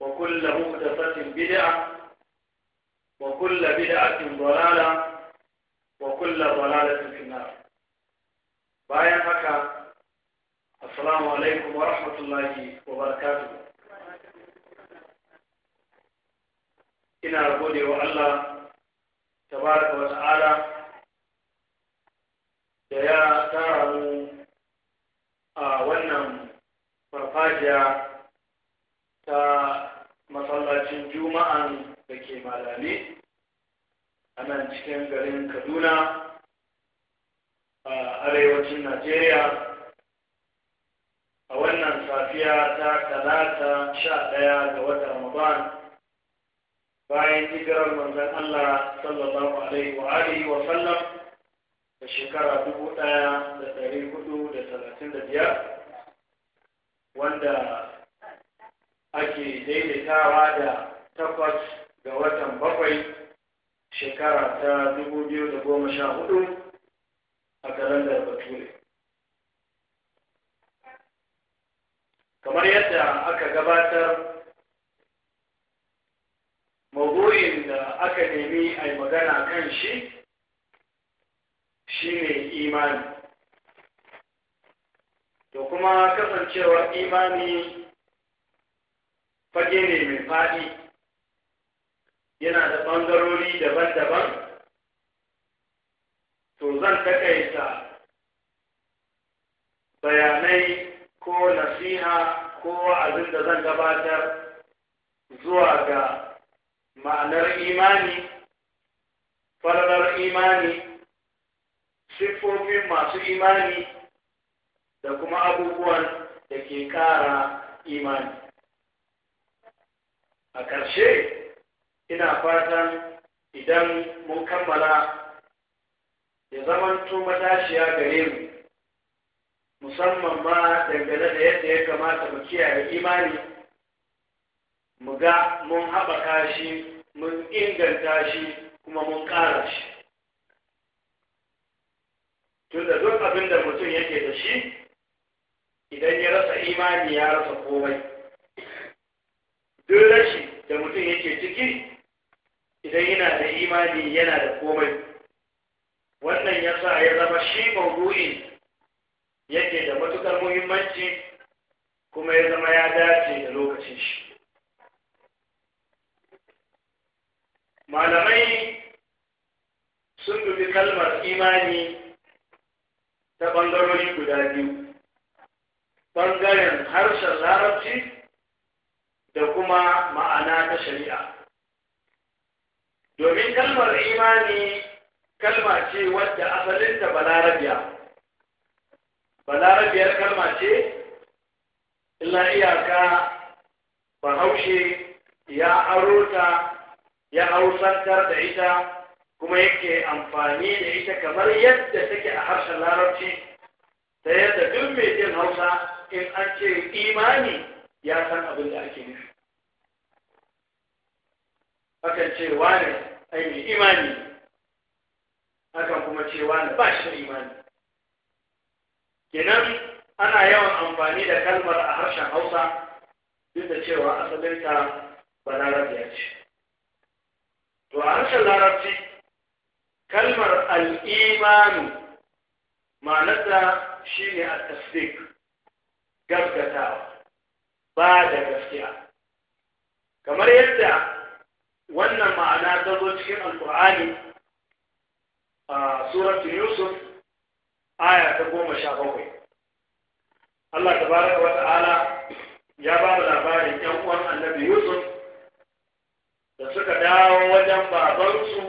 وكل محدثة بدعة وكل بدعة ضلالة وكل ضلالة في النار bayan haka assalamu wa rahmatullahi wa barakatuhu ina gode wa Allah tabaraka wa ta'ala da ya tara mu a wannan farfajiya ta masallacin juma'an da ke Malami a nan cikin garin kaduna a arewacin najeriya a wannan safiya ta talata sha ɗaya ga watan ramadan bayan hijirar manzon allah sallallahu alaihi wa alihi wa sallam da shekara dubu ɗaya da ɗari hudu da talatin da biyar wanda ake daidaitawa da takwas ga watan bakwai shekara ta dubu biyu da goma sha hudu a kalandar bature kamar yadda aka gabatar maudu'in da aka nemi a yi magana kan shi shi ne imani to kuma kasancewar imani fage ne mai faɗi yana da ɓangarori daban-daban to zan takaita bayanai ko nasiha ko abin da zan gabatar zuwa ga ma'anar imani falalar imani siffofin masu imani da kuma abubuwan da ke kara imani a ƙarshe ina fatan idan mun kammala ya zamanto matashiya gare mu musamman ma dangane da yadda ya kamata mu kiyaye imani mu ga mun haɓaka shi mun inganta shi kuma mun ƙara shi tunda duk abin da mutum yake da shi idan ya rasa imani ya rasa komai duk da mutum yake ciki idan yana da imani yana da komai wannan ya sa ya zama shi mawdu'i yake da matukar muhimmanci kuma ya zama ya dace da lokacin shi malamai sun dubi kalmar imani ta ɓangarori guda biyu ɓangaren harshen larabci da kuma ma'ana ta shari'a domin kalmar imani kalma ce wadda asalinta balarabiya balarabiyar kalma ce illa iyaka bahaushe ya aro ya hausantar da ita kuma yake amfani da ita kamar yadda take a harshen larabci ta yadda duk mai jin hausa in an ce imani ya san abin da ake nufi akan ce wane ai mai imani akan kuma ce wane ba shi imani kenan ana yawan amfani da kalmar a harshen hausa duk da cewa asalinta ba ya ce to a harshen larabci kalmar al'imanu ma'anarta shi ne a tasdik gaskatawa ba da gaskiya kamar yadda wannan ma'ana ta zo cikin alkur'ani a suratu yusuf aya ta goma sha bakwai Allah ta baraka wa ta'ala ya ba mu labarin yan uwan annabi yusuf da suka dawo wajen babansu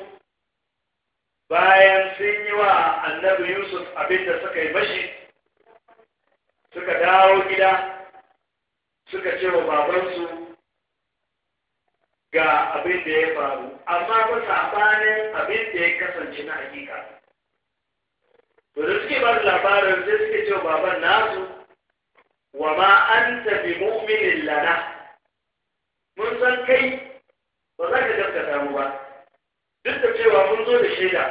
bayan sun yi wa annabi yusuf abin da suka yi mashi suka dawo gida suka ce wa babansu ga abin da ya faru amma ba sabanin abin da ya kasance na hakika to da suke ba da labarin sai suke ce wa baban nasu wa ma an tafi mu'minin lana mun san kai ba za ka gaskata mu ba duk da cewa mun zo da shaida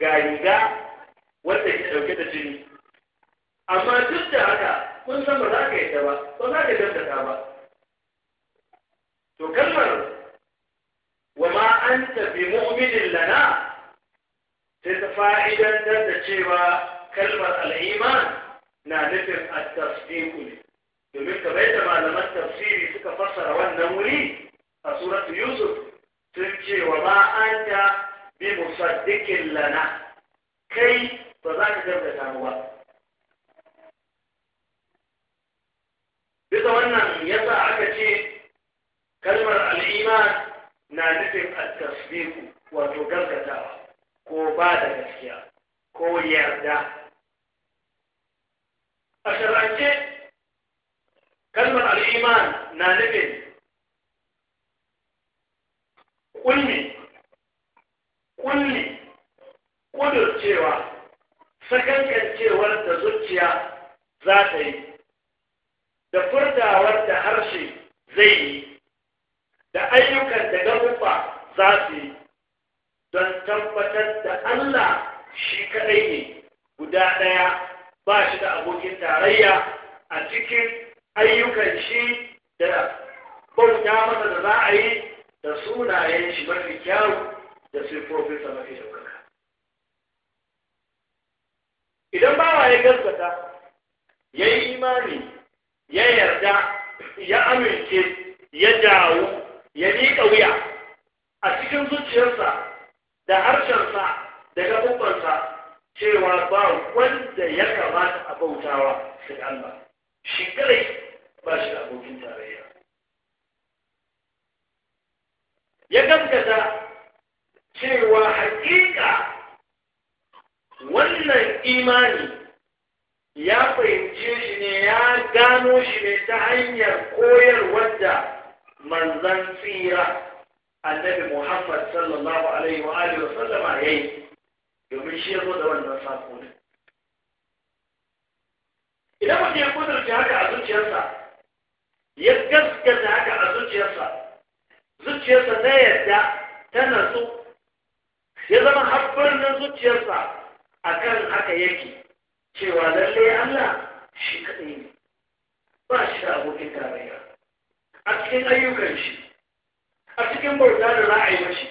ga riga wanda ke dauke da jini amma duk da haka kun san ba za ka yadda ba ba za ka gaskata ba to kalmar wa ma anta bi mu'minin lana sai ta fa'idantar da cewa kalmar al'iman na nufin at-tasdiqu ne domin kamar yadda malaman tafsiri suka fassara wannan wuri a suratu yusuf sun ce wa ma anta bi musaddiqin lana kai ba za ka gaskata mu ba bisa wannan yasa aka ce kalmar al'iman na nufin al-tasbiku wato gaskatawa ko ba da gaskiya ko yarda a shar'ance kalmar al'iman na nufin kulli kulli kudurcewa sakankar cewar da zuciya za ta yi da furtawar da harshe zai yi da ayyukan da gabuwa za su yi don tabbatar da Allah shi kaɗai ne guda ɗaya ba shi da abokin tarayya a cikin ayyukan shi da bauta masa da za a yi da sunayen shi mafi kyawu da siffofinsa mafi ɗaukaka. Idan bawa ya gaskata ya yi imani ya yarda ya amince ya dawo ya miƙa wuya a cikin zuciyarsa da harshensa da gaɓuɓɓansa cewa ba wanda ya kamata a bautawa shi Allah shi kadai ba shi da abokin tarayya ya gaskata cewa hakika wannan imani ya fahimce shi ne ya gano shi ne ta hanyar koyarwar da manzan tsira annabi Muhammad sallallahu alaihi wa alihi wa sallama yayi domin shi ya zo da wannan sako ne idan mutum ya kudurce haka a zuciyarsa ya gaskata haka a zuciyarsa zuciyarsa ta yarda ta nasu ya zama haɓɓar na zuciyarsa akan haka yake cewa lalle Allah shi kaɗai ne ba shi da abokin tarayya a cikin ayyukan shi a cikin bauta da za a yi mashi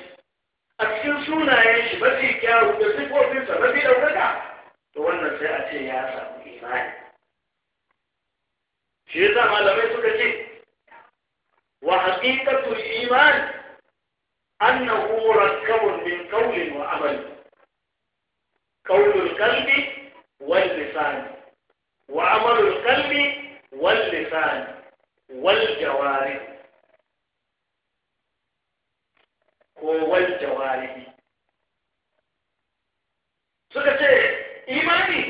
a cikin sunayen shi mafi kyawu da sifofinsa mafi ɗaukaka to wannan sai a ce ya samu imani shi yasa malamai suka ce wa haqiqatul iman annahu murakkabun min qawlin wa amal qawlul qalbi واللسان وعمل القلب واللسان والجوارح kowal jawarihi suka ce imani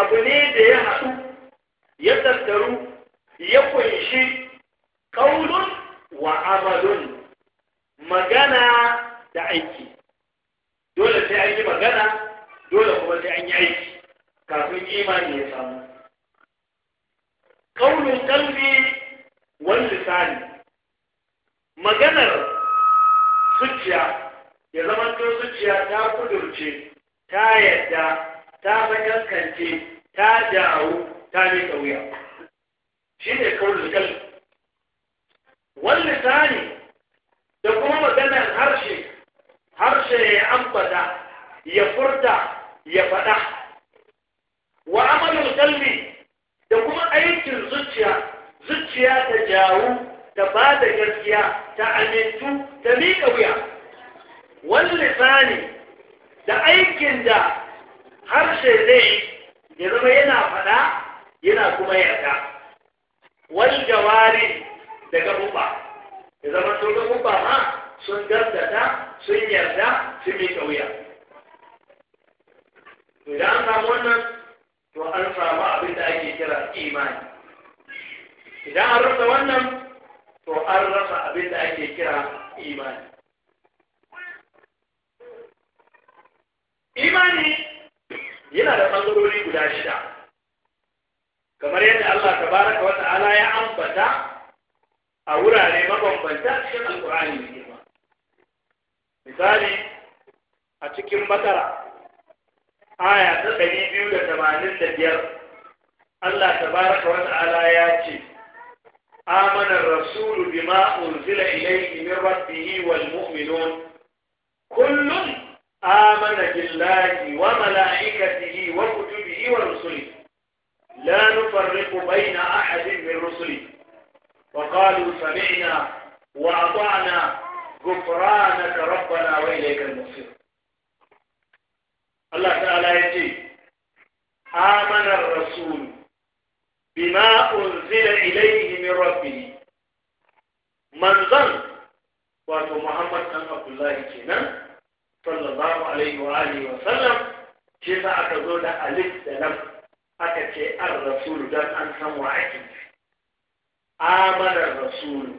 abu ne da ya haɗu ya tattaru ya kunshi ƙaunun wa amalun magana da aiki dole sai an yi magana dole kuma sai an yi aiki kafin imani ya samu Ƙaunin kalbi wani lisani maganar zuciya ya zama zuciya ta kudurce ta yadda ta sakankance ta jawo ta ne ƙauya. shi ne ƙaunin kalbi wani lisani da kuma maganar harshe harshe ya ambata ya furta ya faɗa wa amalul qalbi da kuma aikin zuciya zuciya ta jawo ta bada da gaskiya ta amintu ta miƙa wuya wani lisani da aikin da harshe zai ya zama yana faɗa yana kuma yarda wani jawari da gabuba ya zama to gabuba ma sun gardata sun yarda su miƙa wuya. Idan an wannan to an samu abin da ake kira imani idan an rasa wannan to an rasa abin da ake kira imani imani yana da ɓangarori guda shida kamar yadda Allah baraka wa ta'ala ya ambata a wurare mabambanta cikin alkur'ani mai girma misali a cikin bakara آية ta ɗari biyu da tamanin da biyar Allah آمن الرسول بما أنزل إليه من ربه والمؤمنون كل آمن بالله وملائكته وكتبه ورسله لا نفرق بين أحد من رسله وقالوا سمعنا وأطعنا غفرانك ربنا وإليك المصير Allah ta'ala ya ce amanar rasul bima unzila ilayhi min rabbih manzan wato Muhammad dan Abdullahi kenan sallallahu alaihi wa alihi wa sallam shi sa aka zo da alif da nan aka ce an rasul don an san wa ake amanar rasul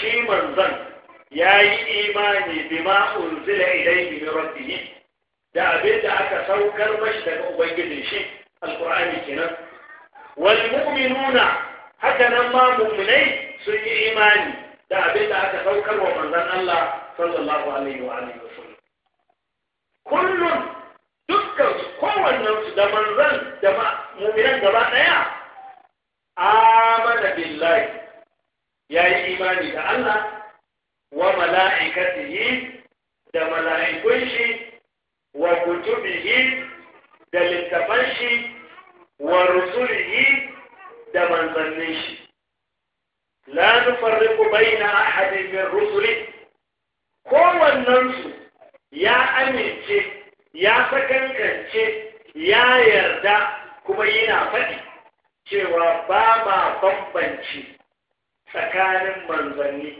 shi manzan ya yi imani bima unzila ilayhi min rabbih da abin da aka saukar mashi daga ubangijin shi alkur'ani kenan wal mu'minuna haka nan ma mu'minai sun yi imani da abin da aka saukar wa manzon Allah sallallahu alaihi wa alihi wa dukkan kowannen su da manzon da mu'minan gaba daya amana billahi yayi imani da Allah wa mala'ikatihi da mala'ikun shi wa kutubihi da littafan shi wa rusulihi da manzannin shi la nufarriqu baina ahadin min rusuli kowannen su ya amince ya sakankance ya yarda kuma yana faɗi cewa ba ma bambanci tsakanin manzanni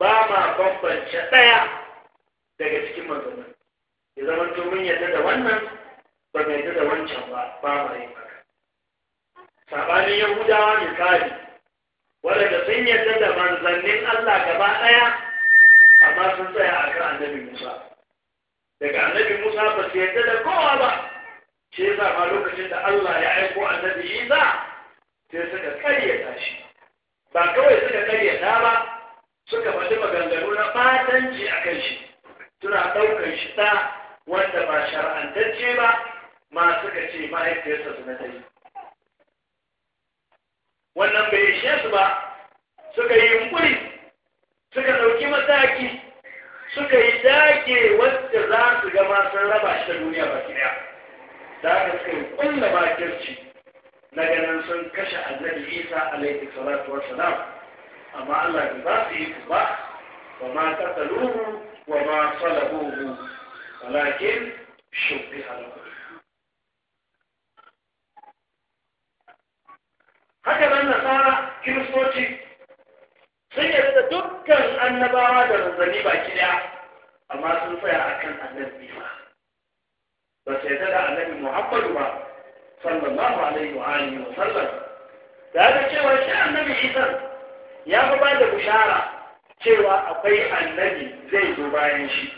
ba ma bambance ɗaya daga cikin manzannin ya zama to mun yadda da wannan ba mai yadda da wancan ba ba mu yi haka sabanin yahudawa misali waɗanda sun yadda da manzannin Allah gaba ɗaya amma sun tsaya a kan annabi Musa daga annabi Musa ba su yadda da kowa ba shi yasa ma lokacin da Allah ya aiko annabi Isa sai suka karyata shi ba kawai suka karyata ba suka faɗi maganganu na fatanci a kan shi suna ɗaukar shi ta wanda ba shara'antacce ba ma suka ce mahaifiyarsa su na yi wannan bai ishe su ba suka yi yunkuri suka ɗauki mataki suka yi dage wacce za su gama sun raba shi da duniya ba ɗaya da haka suka yi kulla bakirci na ganin sun kashe annabi isa alaihi salatu wa salam. amma allah bai ba su yi su ba wa ma kasaluhu wa ma salabuhu ولكن شبه لهم haka nan nasara kiristoci sun yarda da dukkan annabawa da manzanni baki daya amma sun tsaya akan annabi ba. ba su yarda da annabi muhammadu ba sallallahu alaihi wa alihi wa sallam da haka cewa shi annabi isa ya fi ba da bushara cewa akwai annabi zai zo bayan shi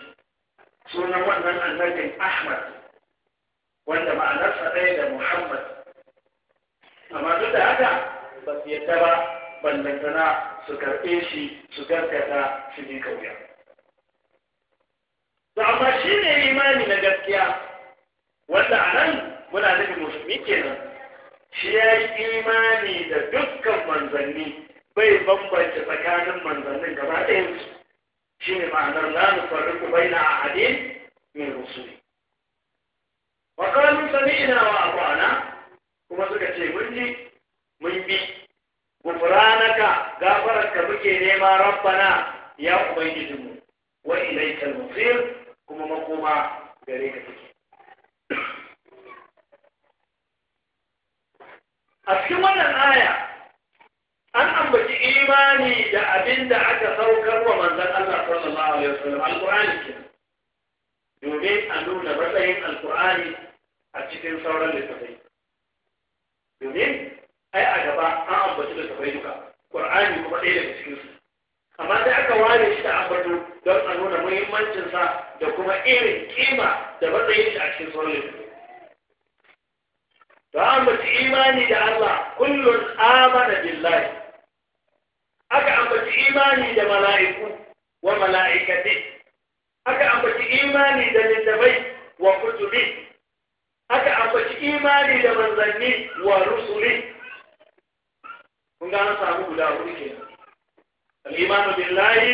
sunan wannan annabin Ahmad wanda ma'anarsa ɗaya da Muhammad amma duk da haka ba su yadda ba ballantana su karɓe shi su gargata su ne kauya to amma shi ne imani na gaskiya wanda a nan muna nufin musulmi kenan shi ya yi imani da dukkan manzanni bai bambance tsakanin manzannin gaba ɗayansu shi ne ma'anar la nufarriqu a ahadin min rusuli wa qalu ina wa ata'na kuma suka ce mun ji mun bi gufranaka gafararka muke nema rabbana ya ubangijinmu wa ilayka al-masir kuma makoma gare ka take a cikin wannan aya an ambaci imani da abin da aka saukar wa manzan Allah sallallahu alaihi wasallam alqur'ani kenan domin a nuna matsayin alqur'ani a cikin sauran littattafai domin ai a gaba an ambaci littattafai duka qur'ani kuma ɗaya daga cikin su amma sai aka ware shi da ambato don a nuna muhimmancinsa da kuma irin kima da matsayin shi a cikin sauran littattafai to an mutu imani da Allah kullun amana billahi aka ambaci imani da mala'iku wa mala'ikati aka ambaci imani da littafai wa kutubi aka ambaci imani da manzanni wa rusuli kun ga an samu guda hudu ke al-imanu billahi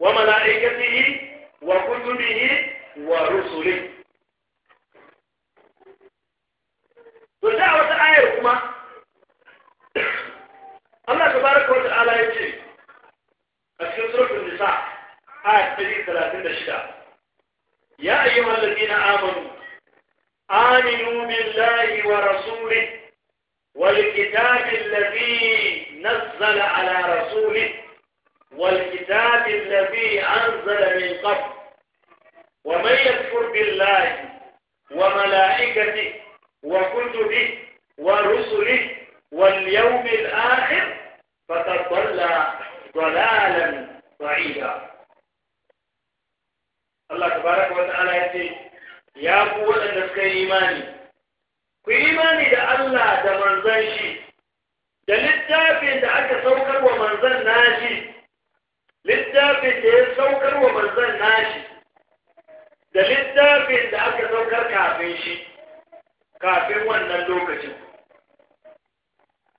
wa mala'ikatihi wa kutubihi wa rusuli to da wata ayar kuma الله تبارك وتعالى يجي السورة النساء آية 33 يا أيها الذين آمنوا آمنوا بالله ورسوله والكتاب الذي نزل على رسوله والكتاب الذي أنزل من قبل ومن يكفر بالله وملائكته وكتبه ورسله واليوم الآخر فقد ضل ضلالا بعيدا Allah tabaraka wa ta'ala ya ce ya ku waɗanda suka yi imani ku yi imani da Allah da manzan shi da littafin da aka saukar wa manzan nashi littafin da ya saukar wa manzan nashi da littafin da aka saukar kafin shi kafin wannan lokacin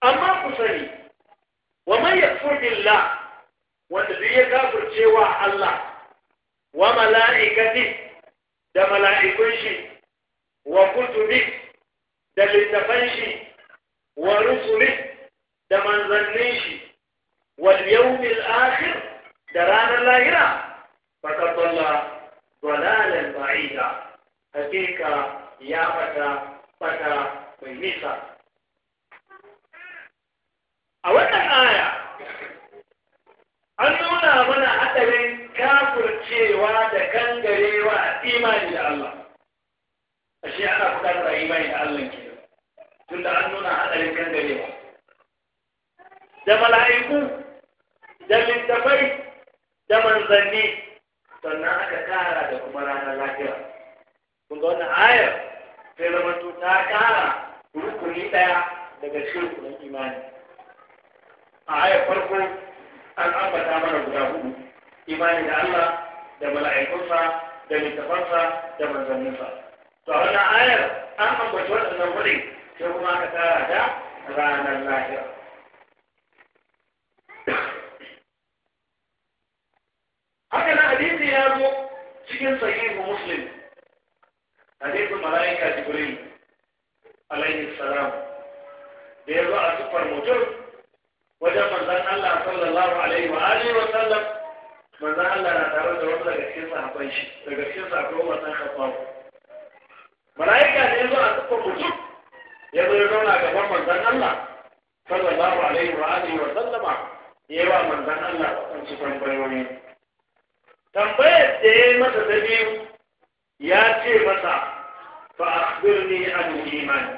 amma ku sani ومن يكفر بالله والنبي يكفر جوا الله وملائكته ده ملائكته وكتبه ده لتفنشي ورسله ده من ظنيشي واليوم الآخر درانا لا لاهرا فقد ضلالا بعيدا حقيقة يا فتى فتى ميسر a wannan aya an nuna mana hadarin kafircewa da kangarewa imani da Allah a shi ana bukatar imani da Allah ke tunda an nuna hadarin kangarewa da mala'iku da littafai da manzanni sannan aka kara da kuma ranar lafiya kun ga wannan ayar sai zama ta kara rukuni daya daga cikin imani a ayar farko an ambata mana guda hudu imani da Allah da mala'ikunsa da littafansa da manzanninsa to a wannan ayar an ambata waɗannan kuɗi sai kuma aka tara da ranar lahira haka na hadisi ya zo cikin sahihu muslim hadisin mala'ika jibril alaihi salam da ya zo a siffar mutum wajen manzan Allah sallallahu alaihi wa alihi wa sallam manzan Allah na tare da wasu daga cikin sahabban shi daga cikin wa san kafan malaika ne yazo a cikin mutum ya zo ya zauna gaban manzan Allah sallallahu alaihi wa alihi wa sallama yayi wa manzan Allah kan su tambayoyi tambayar da ya masa ta biyu ya ce masa fa akhbirni an imani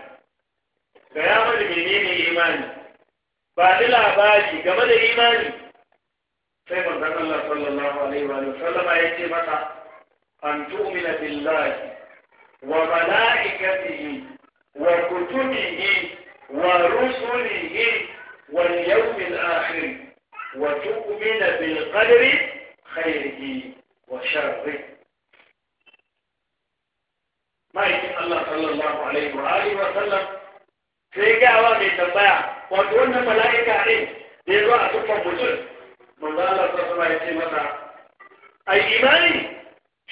ga ya mana menene imani ba ni labari game da imani sai manzon Allah sallallahu alaihi wa sallama ya ce mata an tu'mina billahi wa malaikatihi wa kutubihi wa rusulihi wal yawmil akhir wa tu'mina bil qadri khairihi wa sharrihi ma'aikin Allah sallallahu alaihi wa sallam sai wa mai tambaya wato wannan mala'ika ne da ya zo a tuffan mutum manzo Allah sallallahu alaihi ya ce masa ai imani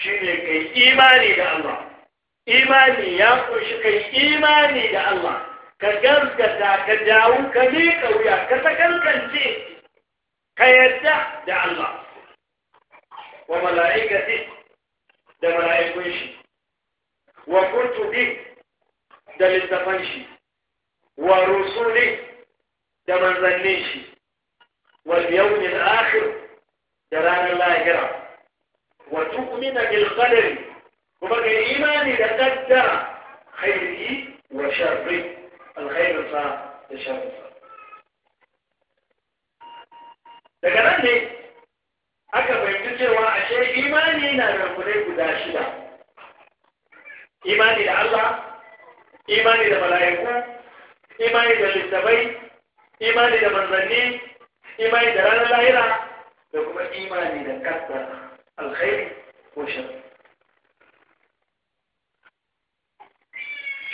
shine kai imani da Allah imani ya kunshi kai imani da Allah ka gaskata ka dawo ka miƙa wuya ka sakankance ka yarda da Allah wa mala'ikati da mala'ikun shi wa kutubi da littafan shi wa rusuli da manzannin shi wal yawmil akhir da ranar lahira wa tu'mina bil qadari kuma ga imani da qaddara khairi wa sharri khair fa da sharri Da daga nan ne aka fahimci cewa ashe imani na da kudai guda shida imani da Allah imani da mala'iku imani da littabai imani da manzanni imani da ranar lahira da kuma imani da kasar alkhairi ko shan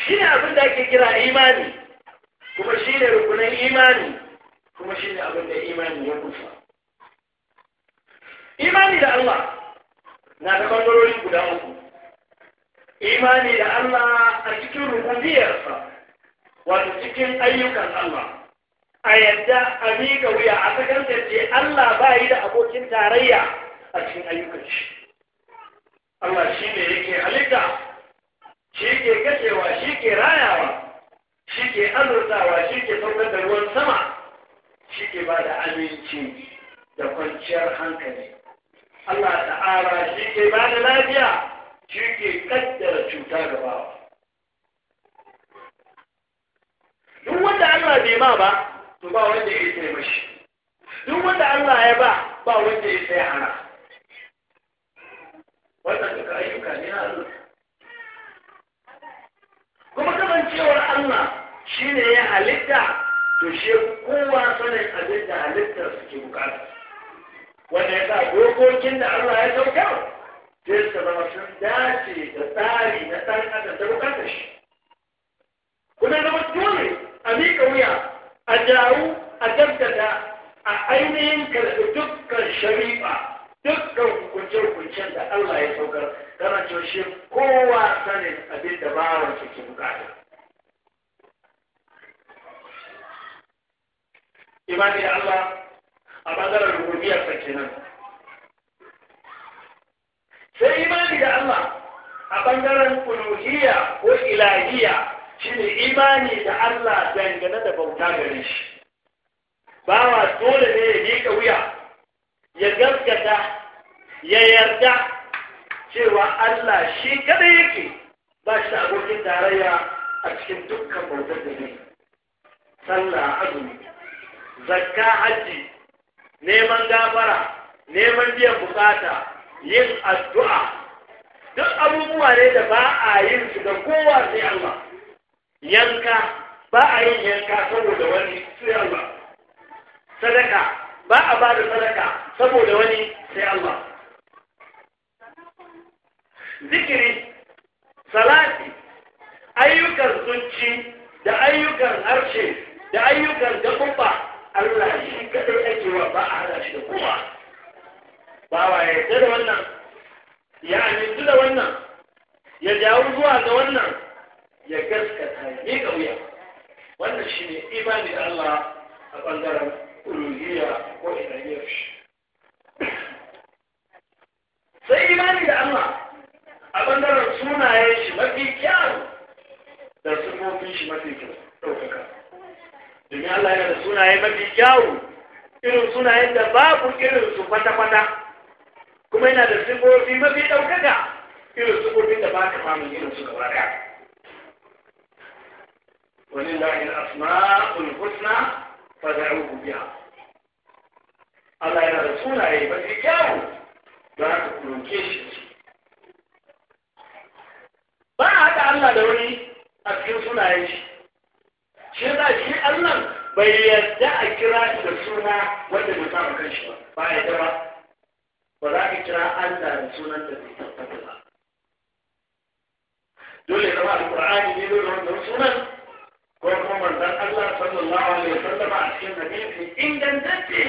shi ne abin da ake kira imani kuma shi ne rukunan imani kuma shi ne abin da imani ya kusa imani da Allah na da ɓangarori guda uku imani da Allah a cikin biyarsa, wato cikin ayyukan Allah a yadda a miƙa wuya a ce Allah ba yi da abokin tarayya a cikin ayyukan shi Allah shi ne yake halitta shi ke kashewa shi ke rayawa shi ke azurtawa shi ke saukar da ruwan sama shi ke ba da aminci da kwanciyar hankali Allah ta'ala shi ke ba da lafiya shi ke kaddara cuta gaba duk wanda Allah bai ma ba to ba wanda ya sai mashi duk wanda Allah ya ba ba wanda ya sai hana wannan duka ayyuka ne na Allah kuma kasancewar Allah shi ne ya halitta to shi kowa sanin abin da halittar suke bukata wanda ya sa dokokin da Allah ya sauka sai su zama sun dace da tsari na tsarin adam da bukatar shi kuma zama dole a miƙa wuya a jawo, a jaddada a ainihin karɓi dukkan shari'a dukkan hukunce-hukuncen da Allah ya saukar tana cewa kowa sanin abin da ba wa ke bukata. imani da Allah a bangaren rububiyarsa kenan sai imani da Allah a bangaren uluhiyya ko ilahiyya shine imani da Allah dangane da bauta gare shi bawa dole ne ya miƙa wuya ya gaskata ya yarda cewa Allah shi kada yake ba shi abokin tarayya a cikin dukkan bautar da ne sallah azumi zakka hajji neman gafara neman biyan bukata yin addu'a duk abubuwa ne da ba a yin su da kowa sai Allah yanka ba a yin yanka saboda wani sai Allah sadaka ba a ba da sadaka saboda wani sai Allah zikiri salati ayyukan zunci da ayyukan harshe da ayyukan gaɓuɓɓa Allah shi kadai ake wa ba a hada shi da kowa ba wa ya da wannan ya amintu da wannan ya jawo zuwa ga wannan ya gaskata ne miƙa wuya wannan shi ne imani da Allah a ɓangaren uluhiyya ko ilayyar shi sai imani da Allah a ɓangaren sunaye shi mafi kyau da sufofin shi mafi kyau ɗaukaka domin Allah yana da sunaye mafi kyau irin sunayen da babu irin su kwata-kwata kuma yana da sufofi mafi ɗaukaka irin sufofin da ba ka samun irin su gaba ɗaya ولله الأسماء الحسنى فدعوه بها Allah yana da sunaye ba zai kyawu don haka kuroke shi ba a haɗa Allah da wani a cikin sunayen shi shi za shi Allah bai yarda a kira shi suna wanda bai samu kanshi ba ba ya ba za kira ba dole ne dole sunan ko kuma manzon Allah sallallahu alaihi wasallam a cikin hadisi ingantacce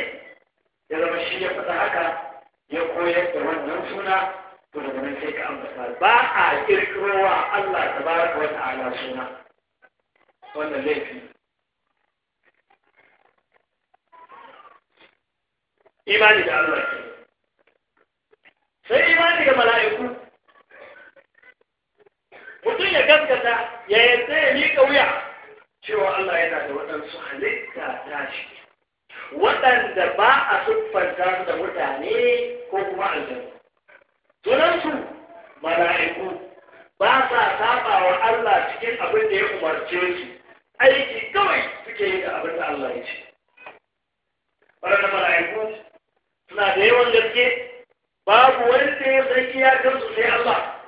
ya zama shi ya faɗa haka ya koyar da wannan suna to da nan sai ka ambata ba a kirkirowa Allah tabaraka wa ta'ala suna wannan laifi imani da Allah ke sai imani da mala'iku mutum ya gaskata ya yarda ya miƙa wuya cewa Allah yana da waɗansu halitta shi waɗanda ba a siffanta su da mutane ko kuma aljanu sunansu mala'iku ba sa saba wa Allah cikin abin da ya umarce su aiki kawai suke yi da abin da Allah ya ce waɗanda mala'iku suna da yawan gaske babu wanda ya zai ya gamsu sai Allah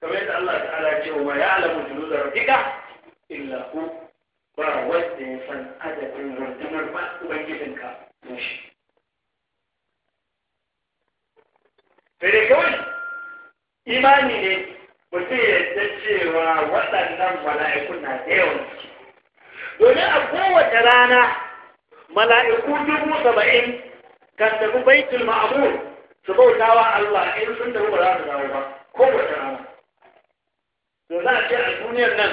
kamar yadda Allah ta'ala ce wa ya alamu da rafika illa ku ba wanda ya san adadin rundunar ba ubangijinka to shi sai dai kawai imani ne mutum ya yadda cewa waɗannan mala'iku na da ciki. domin a kowace rana mala'iku dubu saba'in kan tafi baitul ma'amur su bautawa Allah in sun tafi ba za su dawo ba kowace rana to za a ce a duniyar nan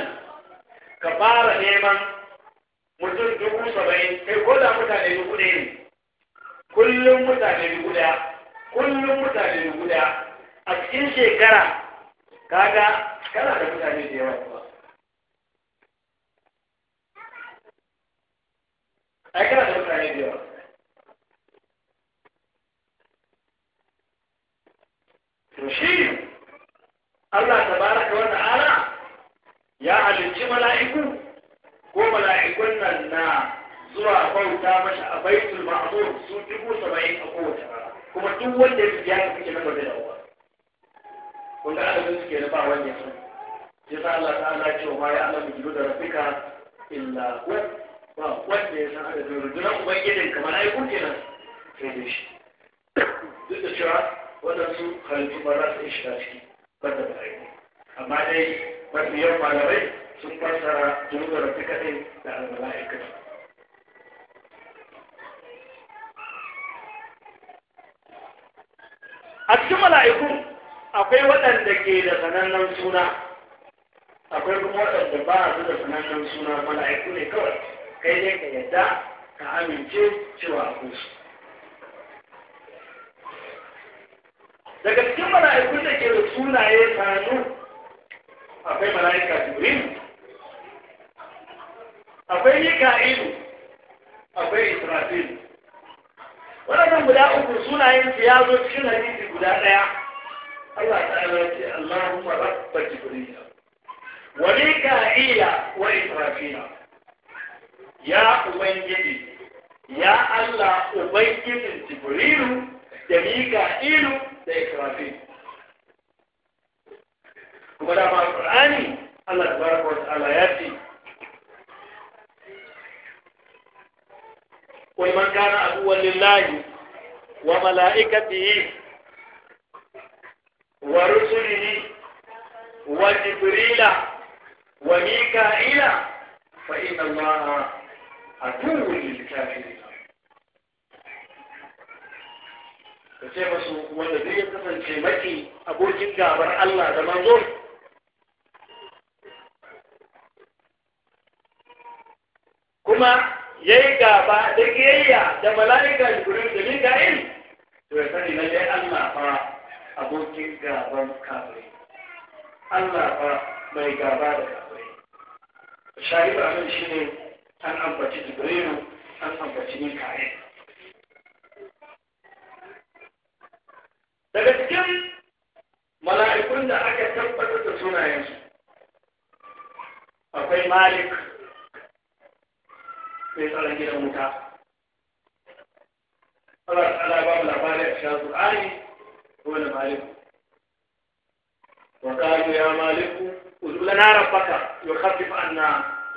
ka fara neman mutane kai ko da mutane dubu ɗaya ne kullum mutane dubu ɗaya kullum mutane dubu ɗaya a cikin shekara kaga kana da mutane da yawa kuma ai kana da mutane da yawa to shi Allah tabaraka wa ta'ala ya halicci mala'iku ko mala'ikun nan na zuwa bauta masa a baitul ma'mur su dubu saba'in a kowace rana kuma duk wanda ya fi ya kake na gobe da uwa kun ga adadin suke na ba wanda ya san ya sa Allah ta'ala cewa ma ya alamu jilu da rafika illa hu ba wanda ya san adadin rundunar ubangijin kamar ai kun kenan sai dai shi duk da cewa waɗansu halittu ba za su iya shiga ciki ba da bayan amma dai mafi yawan malamai sun fassara jilu da rafika ɗin da almala'ikatu a cikin mala'iku akwai waɗanda ke da sanannen suna akwai kuma waɗanda ba su da sanannen suna mala'iku ne kawai kai ne ka yadda ka amince cewa akwai su daga cikin mala'iku da ke da sunaye sanu akwai mala'ika turin akwai mika'ilu akwai israfil waɗannan guda uku suna yin ya zo cikin hadisi guda ɗaya Allah ta'ala ce Allahumma rabba wani ka iya wa israfila ya ubangiji ya Allah ubangijin jibrilu da ilu da israfin kuma da ma qur'ani Allah tabaraka wa ta'ala ya ce wa من كان عدوا لله وملائكته ورسله وجبريل وميكائيل فإن الله عدو للكافرين ka ce masu wanda zai kasance maki abokin gabar Allah da manzo kuma ya yi gaba da giyayya da mala'ikan gurin da mika'il to ya sani na dai Allah fa abokin gaban kafirai Allah fa mai gaba da kafirai shahid shi ne an ambaci jibrilu an ambaci mika'il daga cikin mala'ikun da aka tabbatar da sunayensu akwai malik mai tsaron gidan wuta Allah ta'ala ba mu labari a cikin Qur'ani ko da Maliku wa qalu ya Maliku ud'u lana rabbaka yukhaffif anna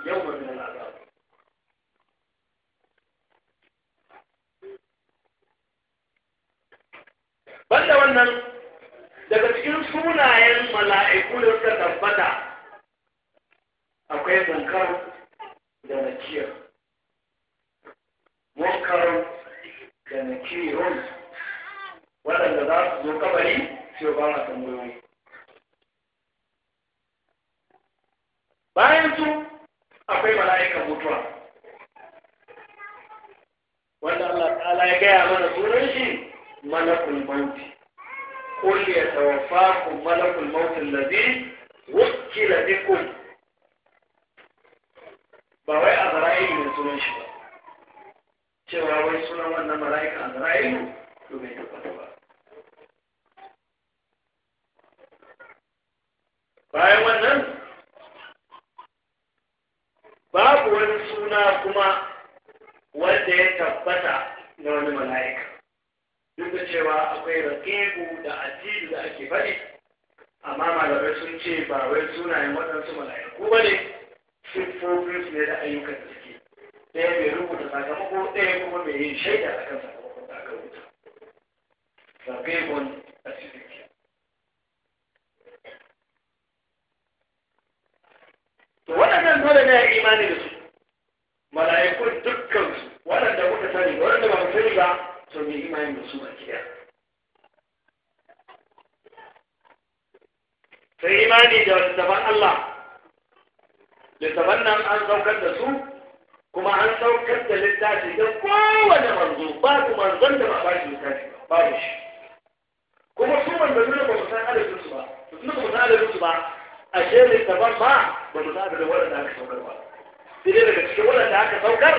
yawman min al'adab banda wannan daga cikin sunayen mala'iku da suka tabbata akwai munkar da nakiyar munkar da na nakirun waɗanda za su zo kabari sai ba na tambayoyi bayan su akwai mala'ikan mutuwa wanda Allah ta'ala ya gaya mana sunan shi malakul mauti قل يتوفاكم ملك الموت الذي وكل بكم ba wai a zara'i mai sunan shi ba cewa wai suna wannan mala'ika Azra'ilu to bai tabbata ba bayan wannan babu wani suna kuma wanda ya tabbata na wani mala'ika duk da cewa akwai raƙebu da ajiyu da ake faɗi amma malamai sun ce ba wai sunayen waɗansu mala'iku ba ne siffofinsu ne da ayyukan ɗaya mai rubuta sakamako ɗaya kuma mai yin shaida a kan sakamakon da aka rubuta zagebon a cikin to waɗannan dole ne ya imani da su mala'ikun dukkan su waɗanda muka sani waɗanda ba mu sani ba to mai imani da su ba gida sai imani da littafan Allah littafan nan an saukar da su kuma an saukar da littafi don kowane manzo ba su manzon da ba ba shi littafi ba ba shi kuma su manzanni da ba su san adadin su ba su tuna ba su san adadin su ba ashe littafan ba ba su san da waɗanda aka saukar ba sai dai daga cikin waɗanda aka saukar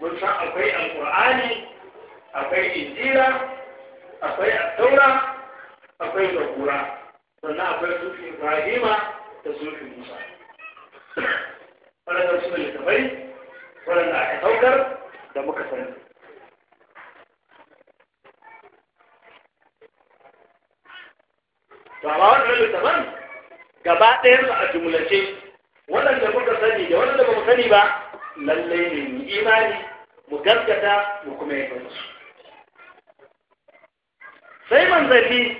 mun san akwai alƙur'ani akwai injira akwai attaura akwai zakura sannan akwai sufi ibrahima da sufi musa waɗannan suna littafai waɗanda aka saukar da muka sani to amma wannan littafan gaba ɗayan su a jumlace waɗanda muka sani da waɗanda ba mu sani ba lallai ne mu imani mu gaskata mu kuma yi su sai zafi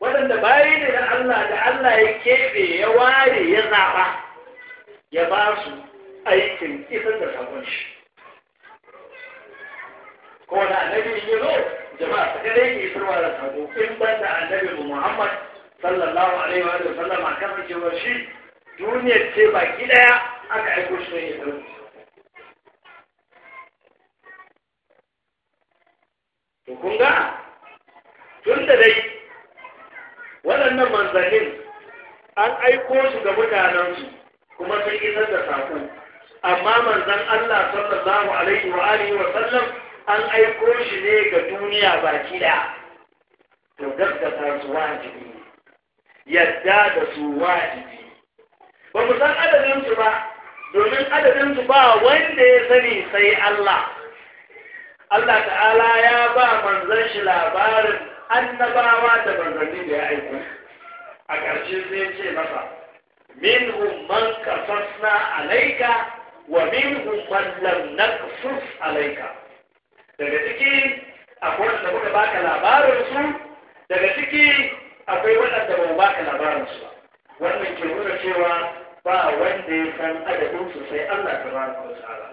waɗanda bayi ne na Allah da Allah ya keɓe ya ware ya zaɓa ya ba su aikin isar da samun shi ko wani annabi ne zo jama'a ta kada yake isarwa da sako in ban da annabi mu Muhammad sallallahu alaihi wa sallam a kan cewa shi duniyar ce baki daya aka aiko shi ne isar to kun ga tun da dai waɗannan manzannin an aiko su ga mutanensu kuma sun isar da saƙo amma manzon Allah sallallahu alaihi wa alihi wa sallam an aiko shi ne ga duniya baki da. to gaskata su wajibi yadda da su wajibi ba mu san adadin su ba domin adadin su ba wanda ya sani sai Allah Allah ta'ala ya ba manzon shi labarin annabawa da manzanni da ya aiko a ƙarshe sai ce masa minhum man kasasna alaika wa minhum man lam naqsus alayka daga ciki akwai wanda muka baka labarin su daga ciki akwai waɗanda ba baka labarin su wannan ke nuna cewa ba wanda ya san adadin su sai Allah tabaraka wa ta'ala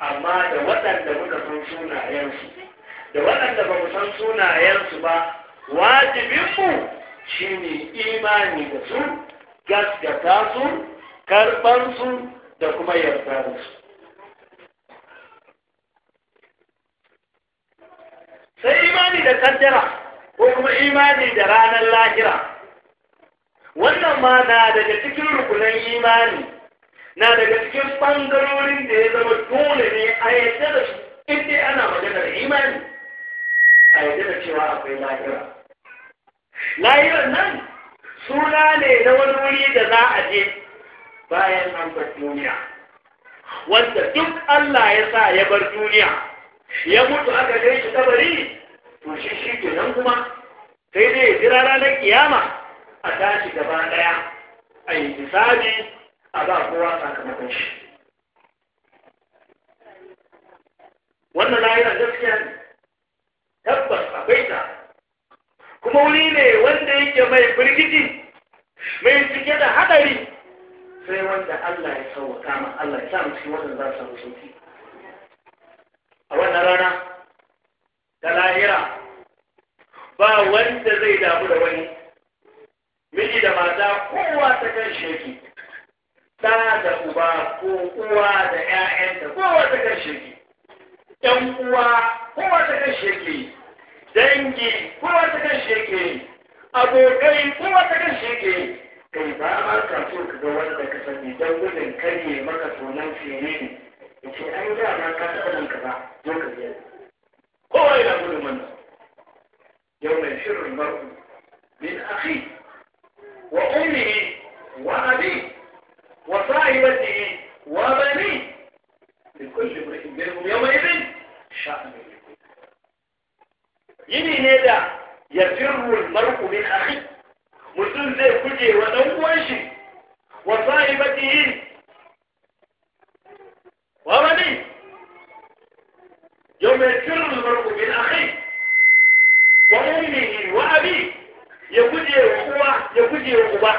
amma da waɗanda muka san sunayen su da waɗanda ba mu san sunayen su ba wajibin mu shine imani da su gaskata su karɓar su da kuma yarda da su sai imani da kaddara ko kuma imani da ranar lahira wannan ma na daga cikin rukunan imani na daga cikin ɓangarorin da ya zama dole ne a yadda da su inda ana maganar imani a yadda da cewa akwai lahira lahirar nan suna ne na wani wuri da za a je bayan an bar duniya wanda duk Allah ya sa ya bar duniya ya mutu aka kai shi kabari to shi shi ke nan kuma sai dai jira ranar kiyama a tashi gaba daya a yi hisabi a ba kowa sakamakon shi wannan lahirar gaskiya ne tabbas akwai ta kuma wuri ne wanda yake mai firgiti mai cike da haɗari sai wanda Allah ya sauwaka ma Allah ya sa shi cikin wannan za su samu sauki a wannan rana da lahira ba wanda zai damu da wani miji da mata kowa ta kan sheki ta da uba ko uwa da da kowa ta kan sheki ƴan uwa kowa ta kan sheki dangi kowa ta kan sheki abokai kowa ta kan sheki kai ba a ka so ka ga wanda ka sani don gudun karye maka sunan ne da ce an ga ba ka taɓa nan ka ba don ka biya kowa ya gudun mana yau mai shirin mar'u min afi wa umi wa abi wa sahibatihi wa bani لكل yau mai bin sha'ani yini ne da yafirul marku min أخيه mutum zai kuje wa ɗan uwan shi wa yi wa bani yawma yakirru al-mar'u min akhi wa ummihi wa abi ya guje wa uwa ya guje wa uba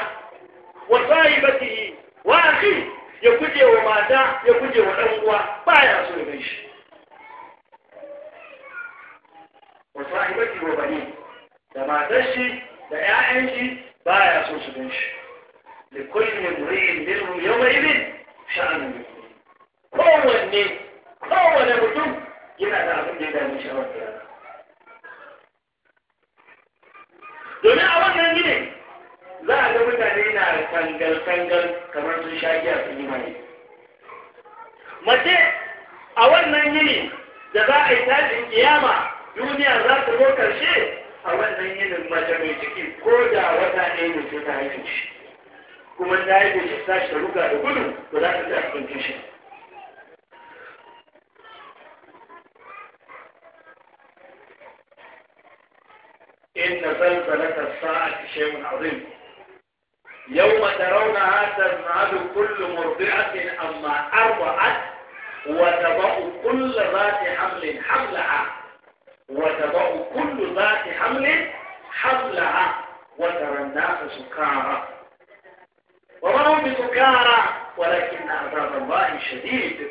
wa sahibatihi wa akhi ya guje wa mata ya guje wa ɗan uwa baya so ya shi wa sahibatihi wa bani da matar shi da ‘ya'yan shi ba ya so su gan shi da kullum murin minhum yawma idin sha'anin kowanne kowane mutum yana da abin da ya dame shi a domin a wannan gine za a ga mutane na kangal-kangal kamar sun sha giya sun yi mai mace a wannan yini da za a yi tashin kiyama duniya za ta zo karshe a wannan yinin mace mai ciki ko da wata ne ne sai ta haifin shi kuma ta haifin shi ta shi ruga da gudu ko za ta ta haifin shi inna zalzalata sa'at shay'un azim yawma tarawna hadha kullum maadu kullu murdi'atin amma arba'at wa tabu'u kullu dhati hamlin hamla'a وتضع كل ذات حمل حملها وترى الناس سكارى وراوا بسكارى ولكن عذاب الله شديد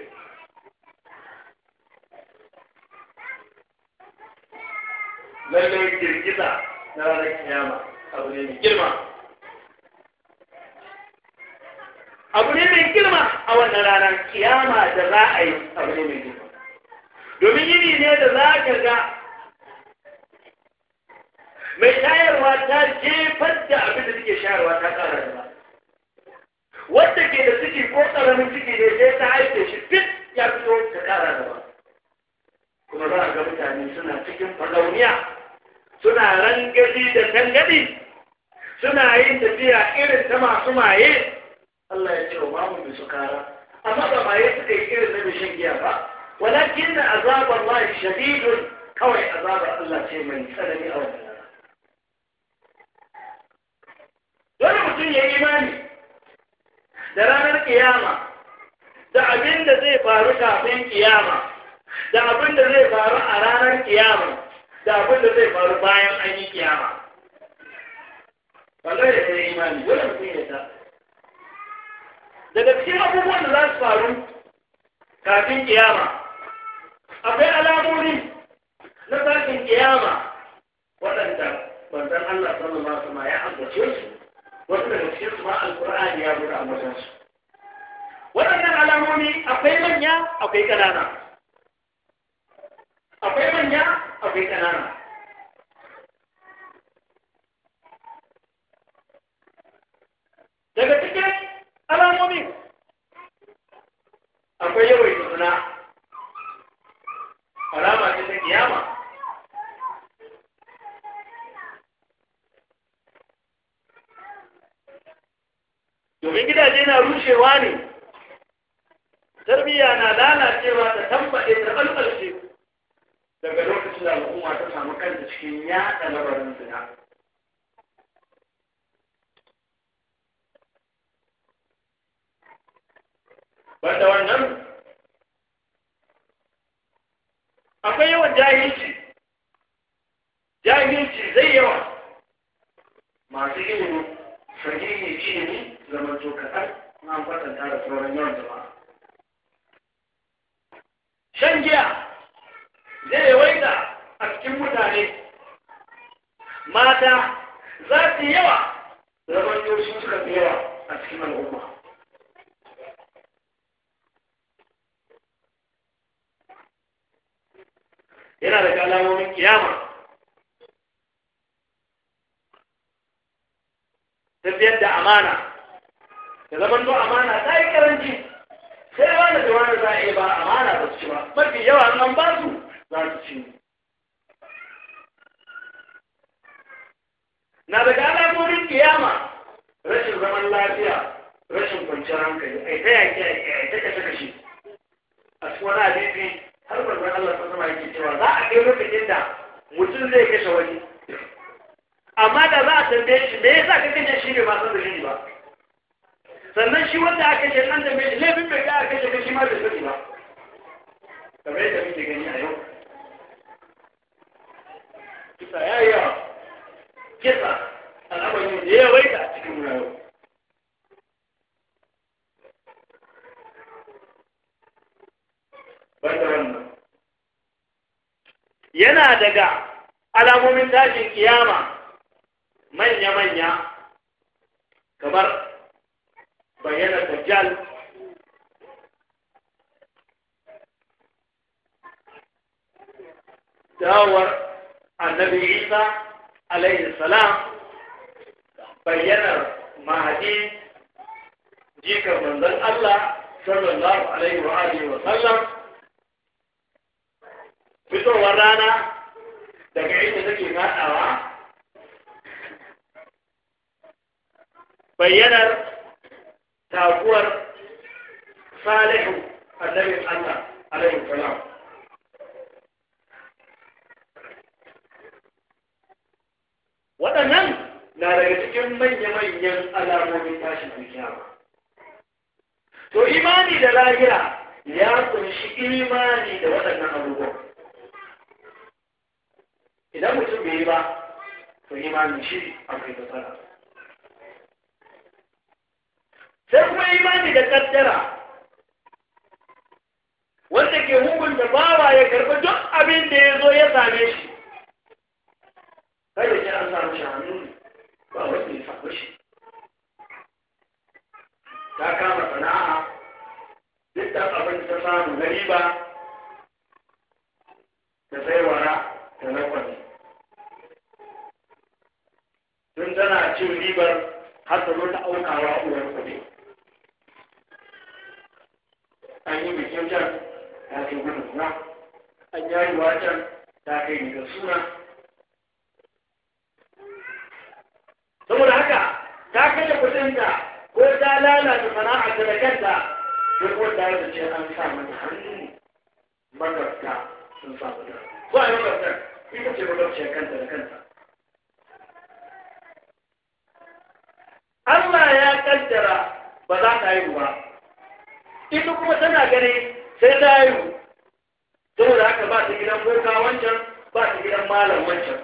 لن يجري كذا نرى الكيامة يا ما أبني كلمة أبني من كلمة أو نرى الكيامة يا ما جزاء أبني من كلمة دومي يني نيا جزاء كذا mai shayarwa ta jefar da abin da suke shayarwa ta ƙara da ba wanda ke da ciki ko ƙaramin ciki ne sai ta haife shi fit ya fito ta ƙara da ba kuma za a ga mutane suna cikin fadauniya suna rangadi da tangadi suna yin tafiya irin ta masu maye Allah ya ce wa mamu mai kara. amma ba maye suka yi irin na mai shan giya ba walakin da azabar Allah shadidun kawai azabar Allah ce mai tsanani a wannan mutum ya imani da ranar kiyama da abin da zai faru kafin kiyama da abin da zai faru a ranar kiyama da abin da zai faru bayan an yi kiyama wanda ya sai imani dole mutum ya ta daga cikin abubuwan da za su faru kafin kiyama akwai alamomi na sakin kiyama waɗanda san Allah sallallahu alaihi wasallam ya ambace su wasu daga cikin su ma alqur'ani ya buɗe ambatan su waɗannan alamomi akwai manya akwai ƙanana akwai manya akwai ƙanana daga cikin alamomin akwai yawan zuna alama ce ta kiyama domin gidaje na rushewa ne tarbiyya na lalacewa ta tambaye da ɓalɓalce daga lokacin al'umma ta samu kanta cikin yaɗa labarin zina banda wannan an yi mai kyau jan ta kai gudu kuma an yayi wa jan ta kai daga suna saboda haka ta kai da kudinta ko ta lalata sana'a da kanta ko wanda ya ce an sa mata hannu magabta sun sa mata ko a yi magabta ita ce magabciyar kanta da kanta Allah ya kaddara ba za ta haihu ba kuma tana gani sai ta haihu saboda haka ba ta gidan boka wancan ba ta gidan malam wancan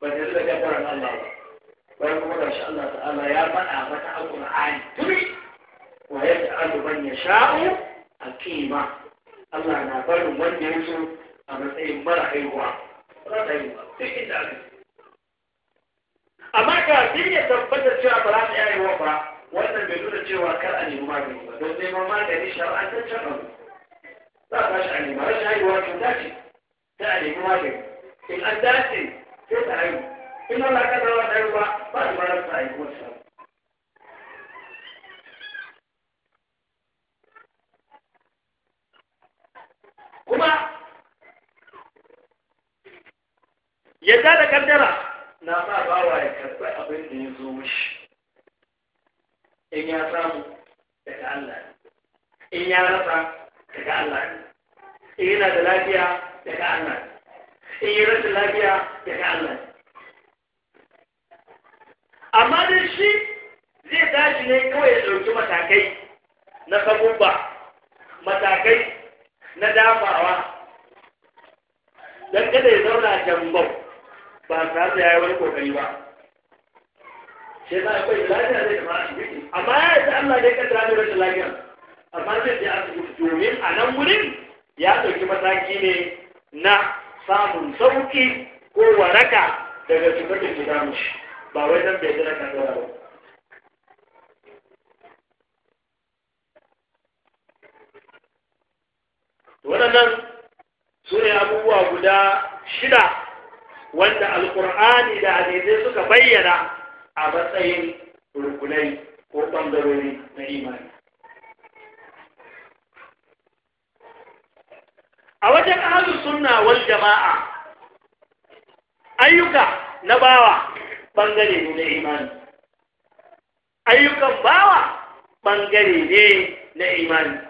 ba ta da gafaran Allah ba bayan kuma shi Allah ta'ala ya faɗa mata a Qur'ani tuni wa ya man yasha'u aqima Allah na barin wanda ya so a matsayin mara haihuwa mara haihuwa duk inda aka amma kafin ya tabbata cewa ba za ta yi haihuwa ba wannan bai nuna cewa kar a nemi magani ba don neman magani shar'antaccen abu za a tashi a nema rashin haihuwa cuta ce ta a nemi magani in an dace sai ta haihu in Allah ka zama ta haihu ba ba da mara ta haihu wasu kuma yadda da kaddara na sa bawa ya karɓi abin da ya zo mishi in ya samu daga Allah ne in ya rasa daga Allah ne in yana da lafiya daga Allah ne in yi rashin lafiya daga Allah ne amma dai shi zai tashi ne kawai ya ɗauki matakai na sabubba matakai na dafawa don kada ya zauna jambau ba tare da ya yi wani kokari ba sai ba akwai lafiya zai tafi asibiti amma ya yi Allah dai kaddara mai rashin lafiyar. amma zai je asibiti domin a nan wurin ya ɗauki mataki ne na samun sauƙi ko waraka daga cutar da ke damu shi ba wai dan bai jira kaddara ba waɗannan su ne abubuwa guda shida wanda alƙur'ani da hadisai suka bayyana a matsayin rukunai ko ɓangarori na imani. A wajen ahalus sunna wal jama'a ayyuka na bawa ɓangare ne na imani. Ayyukan bawa ɓangare ne na imani.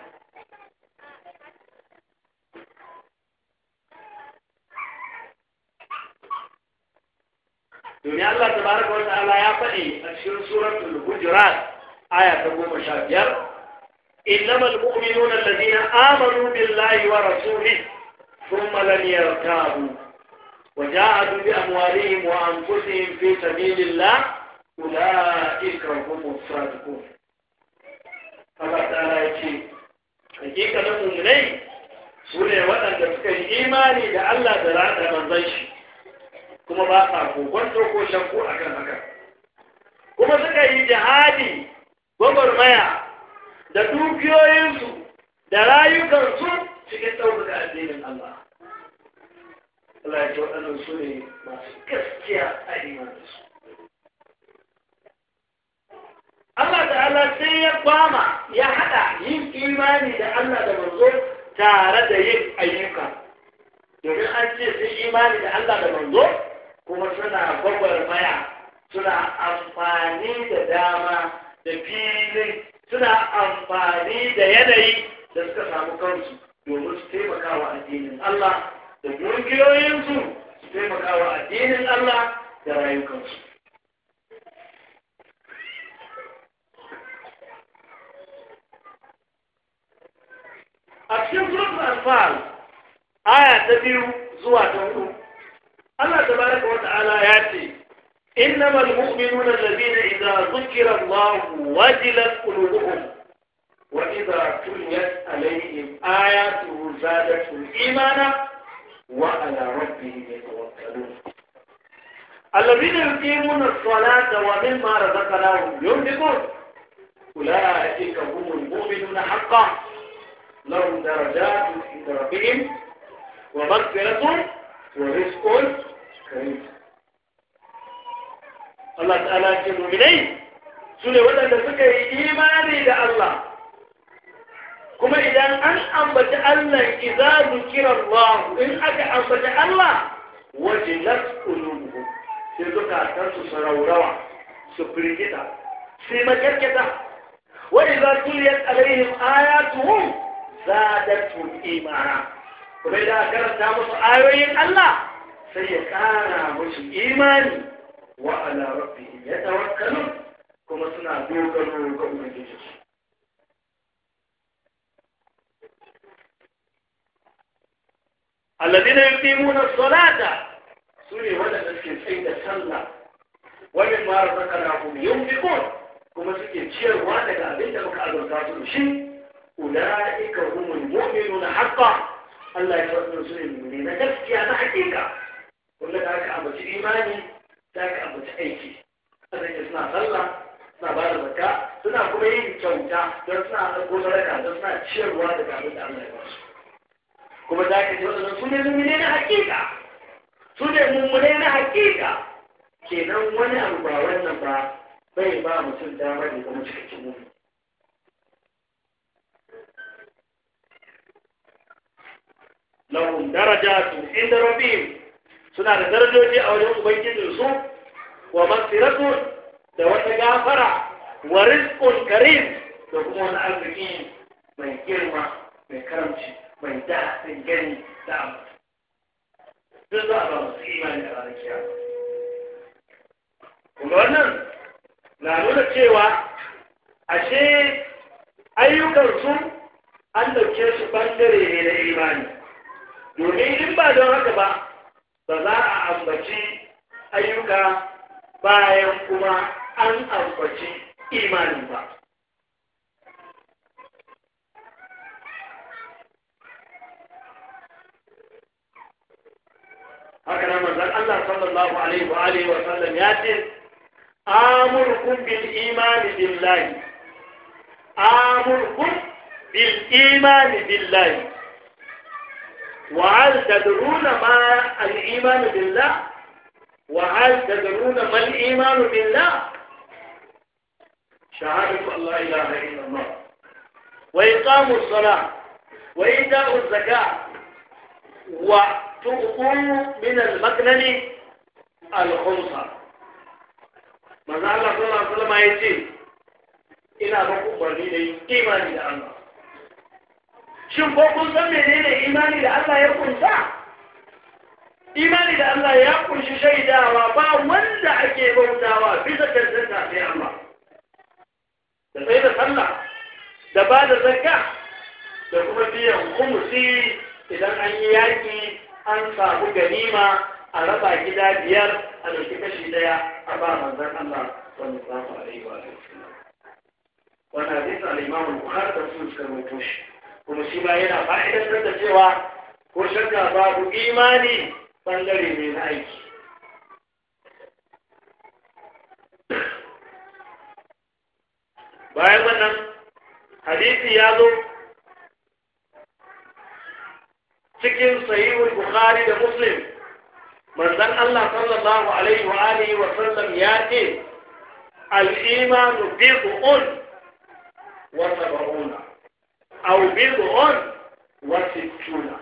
domin Allah ta tabaraka wa ta'ala ya faɗi a cikin suratul hujurat aya ta goma sha biyar Inna innamal mu'minuna alladhina amanu billahi wa rasulihi thumma lam yartabu wa jahadu bi amwalihim wa anfusihim fi sabilillah ulaika humus sadiqun Allah ta ala ya ce hakika na mu'minai su ne waɗanda suka yi imani da Allah da ranar manzon shi kuma ba sa kokonto ko shakku a kan haka kuma suka yi jihadi gwagwarmaya da dukiyoyinsu da rayukansu cikin da addinin Allah Allah ya ce waɗannan su ne masu gaskiya a imaninsu Allah ta'ala sai ya kwama ya haɗa yin imani da Allah da manzo tare da yin ayyuka domin an ce sai imani da Allah da manzo kuma suna gwagwarmaya suna amfani da dama da fili, suna amfani da yanayi da suka samu kansu domin su taimaka wa addinin Allah da ƙungiyoyinsu su taimaka wa addinin Allah da rayukansu. A cikin surat al aya ta biyu zuwa ta hudu الله تبارك وتعالى يأتي إنما المؤمنون الذين إذا ذكر الله وجلت قلوبهم وإذا تليت عليهم اياته زادتهم إيمانا وعلى ربهم يتوكلون الذين يقيمون الصلاة ومما رزقناهم ينفقون أولئك هم المؤمنون حقا لهم درجات عند ربهم ومغفرة ورزق kare Allah ta'ala ce mu'minai su ne waɗanda suka yi imani da Allah kuma idan an ambaci Allah idza zukira Allah in aka ambaci Allah wajilat qulubuhum sai zukatan su saraurawa su firgita sai makarkata wa idza tuliyat alaihim ayatuhum zadatuhum imana kuma idan karanta musu ayoyin Allah سيكانا مشي إيمان وعلى ربه يتوكل كما سنع دوكل وكما جيشش الذين يقيمون الصلاة سوري ولا تسكن سيدة صلى ومن ما رزقناهم ينفقون كما سكن شير وانك عبيد بك على الزاز المشي أولئك هم المؤمنون حقا الله يفضل سوري المؤمنين تسكي على حقيقة kullum da aka ambaci imani za ka ambaci aiki sannan ke suna sallah suna ba da zakka suna kuma yin kyauta don suna ɗauko da don suna ciyarwa daga abin da Allah ya ba su kuma za ka ji waɗannan su ne mummune na hakika su ne mummune na hakika kenan wani abu ba wannan ba bai ba mutum dama ne kuma cikakken mummune لهم درجات عند ربهم suna da darajoji a wajen ubangijinsu wa masu da wata gafara wa rizqun karim da kuma wani arziki mai girma mai karamci mai da mai gani da amma duk za a ba musu imani a ranar kuma wannan na nuna cewa ashe ayyukansu an dauke su bangare ne na imani domin in ba don haka ba ba za a ambaci ayyuka bayan kuma an ambaci imani ba haka nan manzon Allah sallallahu alaihi wa alihi wa sallam ya ce amurkum bil imani billahi amurkum bil imani billahi وهل تدرون ما الإيمان بالله وهل تدرون ما الإيمان بالله شهادة الله لا إله إلا الله وإقام الصلاة وإيتاء الزكاة وتؤكم من المكنن الخمسة زال الله صلى الله عليه وسلم آية إلى إن أبوكم إيمان بالله shin ko kun san menene imani da Allah ya kunsa imani da Allah ya kunshi shaidawa ba wanda ake bautawa bisa tantanta sai amma. da sai da sallah da ba da zakka da kuma biyan kumusi idan an yi yaƙi an samu ganima a raba gida biyar a ɗauki kashi ɗaya a ba manzan Allah sallallahu a wa sallam wannan hadisi al-Imam al-Bukhari da su suka rawaito kuma shi ma yana fa'idantar da cewa ko shakka babu imani bangare ne na aiki bayan wannan hadisi ya zo cikin sahihul bukhari da muslim manzon Allah sallallahu alaihi wa alihi wa sallam ya ce al-imanu wa sab'un au bid'un wa sittuna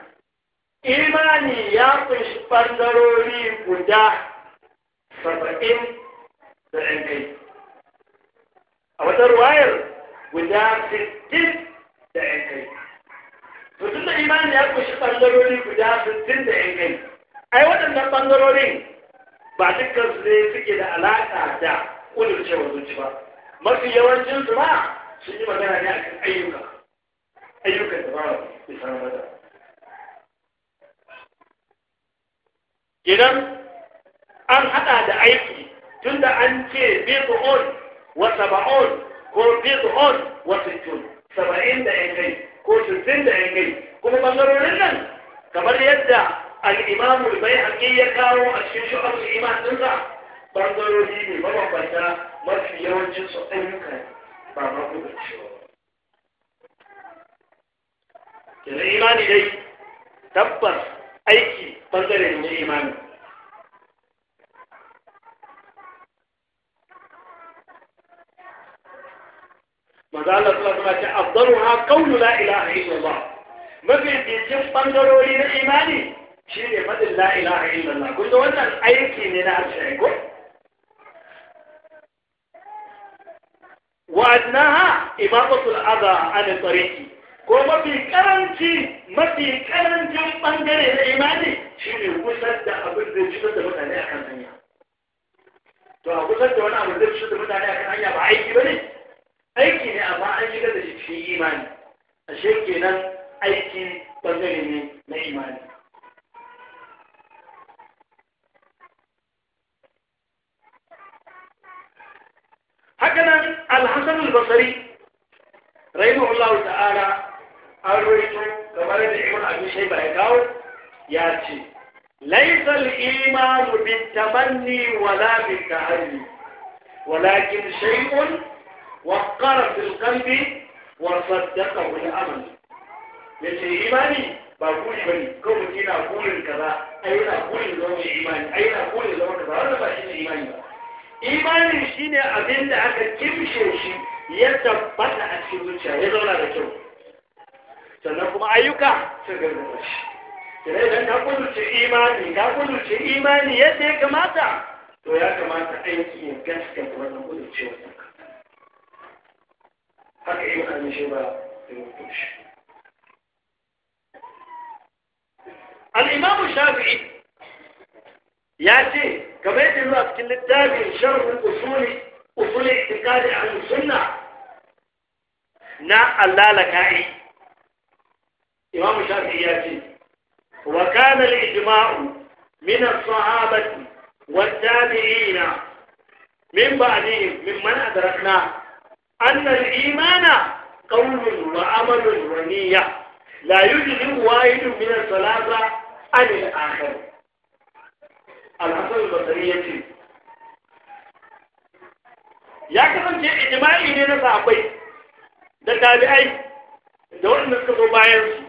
imani ya kunshi ɓangarori guda saba'in da ɗan kai a wata ruwayar guda sittin da ɗan kai to tunda imani ya kunshi ɓangarori guda sittin da ɗan kai ai waɗannan bangarorin ba dukkan su ne suke da alaƙa da ƙudurcewar zuci ba mafi yawancin su ma sun yi magana ne akan ayyuka ayyukan da ba ya sanar mata idan an haɗa da aiki tunda an ce on wa on ko on wa sittun saba'in da ya kai ko sittin da ya kai kuma bangarorin nan kamar yadda al bai haƙi ya kawo a cikin shu'ab al-iman dinsa bangarori ne mabambanta mafi yawancin su ayyuka ba ma kuma ciwo yanzu imani dai tabbas aiki ɓangare ne imani maza Allah suna alaihi wasallam ce afdaluha Laila la ilaha illallah mafi cikin ɓangarori na imani shine fadin la ilaha illallah kun da wannan aiki ne na harshe ko وأدناها إماطة a عن الطريق ko mafi karanci mafi karancin bangare na imani shi ne kusan da abin da shi da mutane a kan hanya to a kusan da wani abin da shi da mutane a kan hanya ba aiki ba ne aiki ne amma an shigar da shi cikin imani A ashe kenan aiki bangare ne na imani hakanan alhassan al-basri rahimahullahu ta'ala an ruwaito kamar da ibn abin shayba ya kawo ya ce laysa al-imanu bitamanni wala bitahalli walakin shay'un waqqara fil qalbi wa saddaqahu al-amal yace imani ba guri bane ko mutum yana burin kaza ai yana burin zama imani ai yana burin zama kaza da ba shi ne imani ba imanin shine abin da aka kimshe shi ya tabbata a cikin zuciya ya zauna da kyau sannan kuma ayyuka sun gargama shi idan ka kudurce imani ka kudurce imani yadda ya kamata to ya kamata aiki ya da wannan kudurce wannan haka yi kan shi ba da mutum shi al-imamu shafi'i ya ce game da zuwa cikin littafin sharhun usuli usuli itikadi a sunna na Allah ka'i imamu Shafi ya ce wa kana al-ijma'u min as والتابعين من بعدهم ممن أدركنا أن الإيمان قول وعمل ونية لا يجزي واحد من الثلاثة عن الآخر الحسن البصري ya kasance ijma'i ne na sahabbai da tabi'ai da waɗanda suka zo bayan su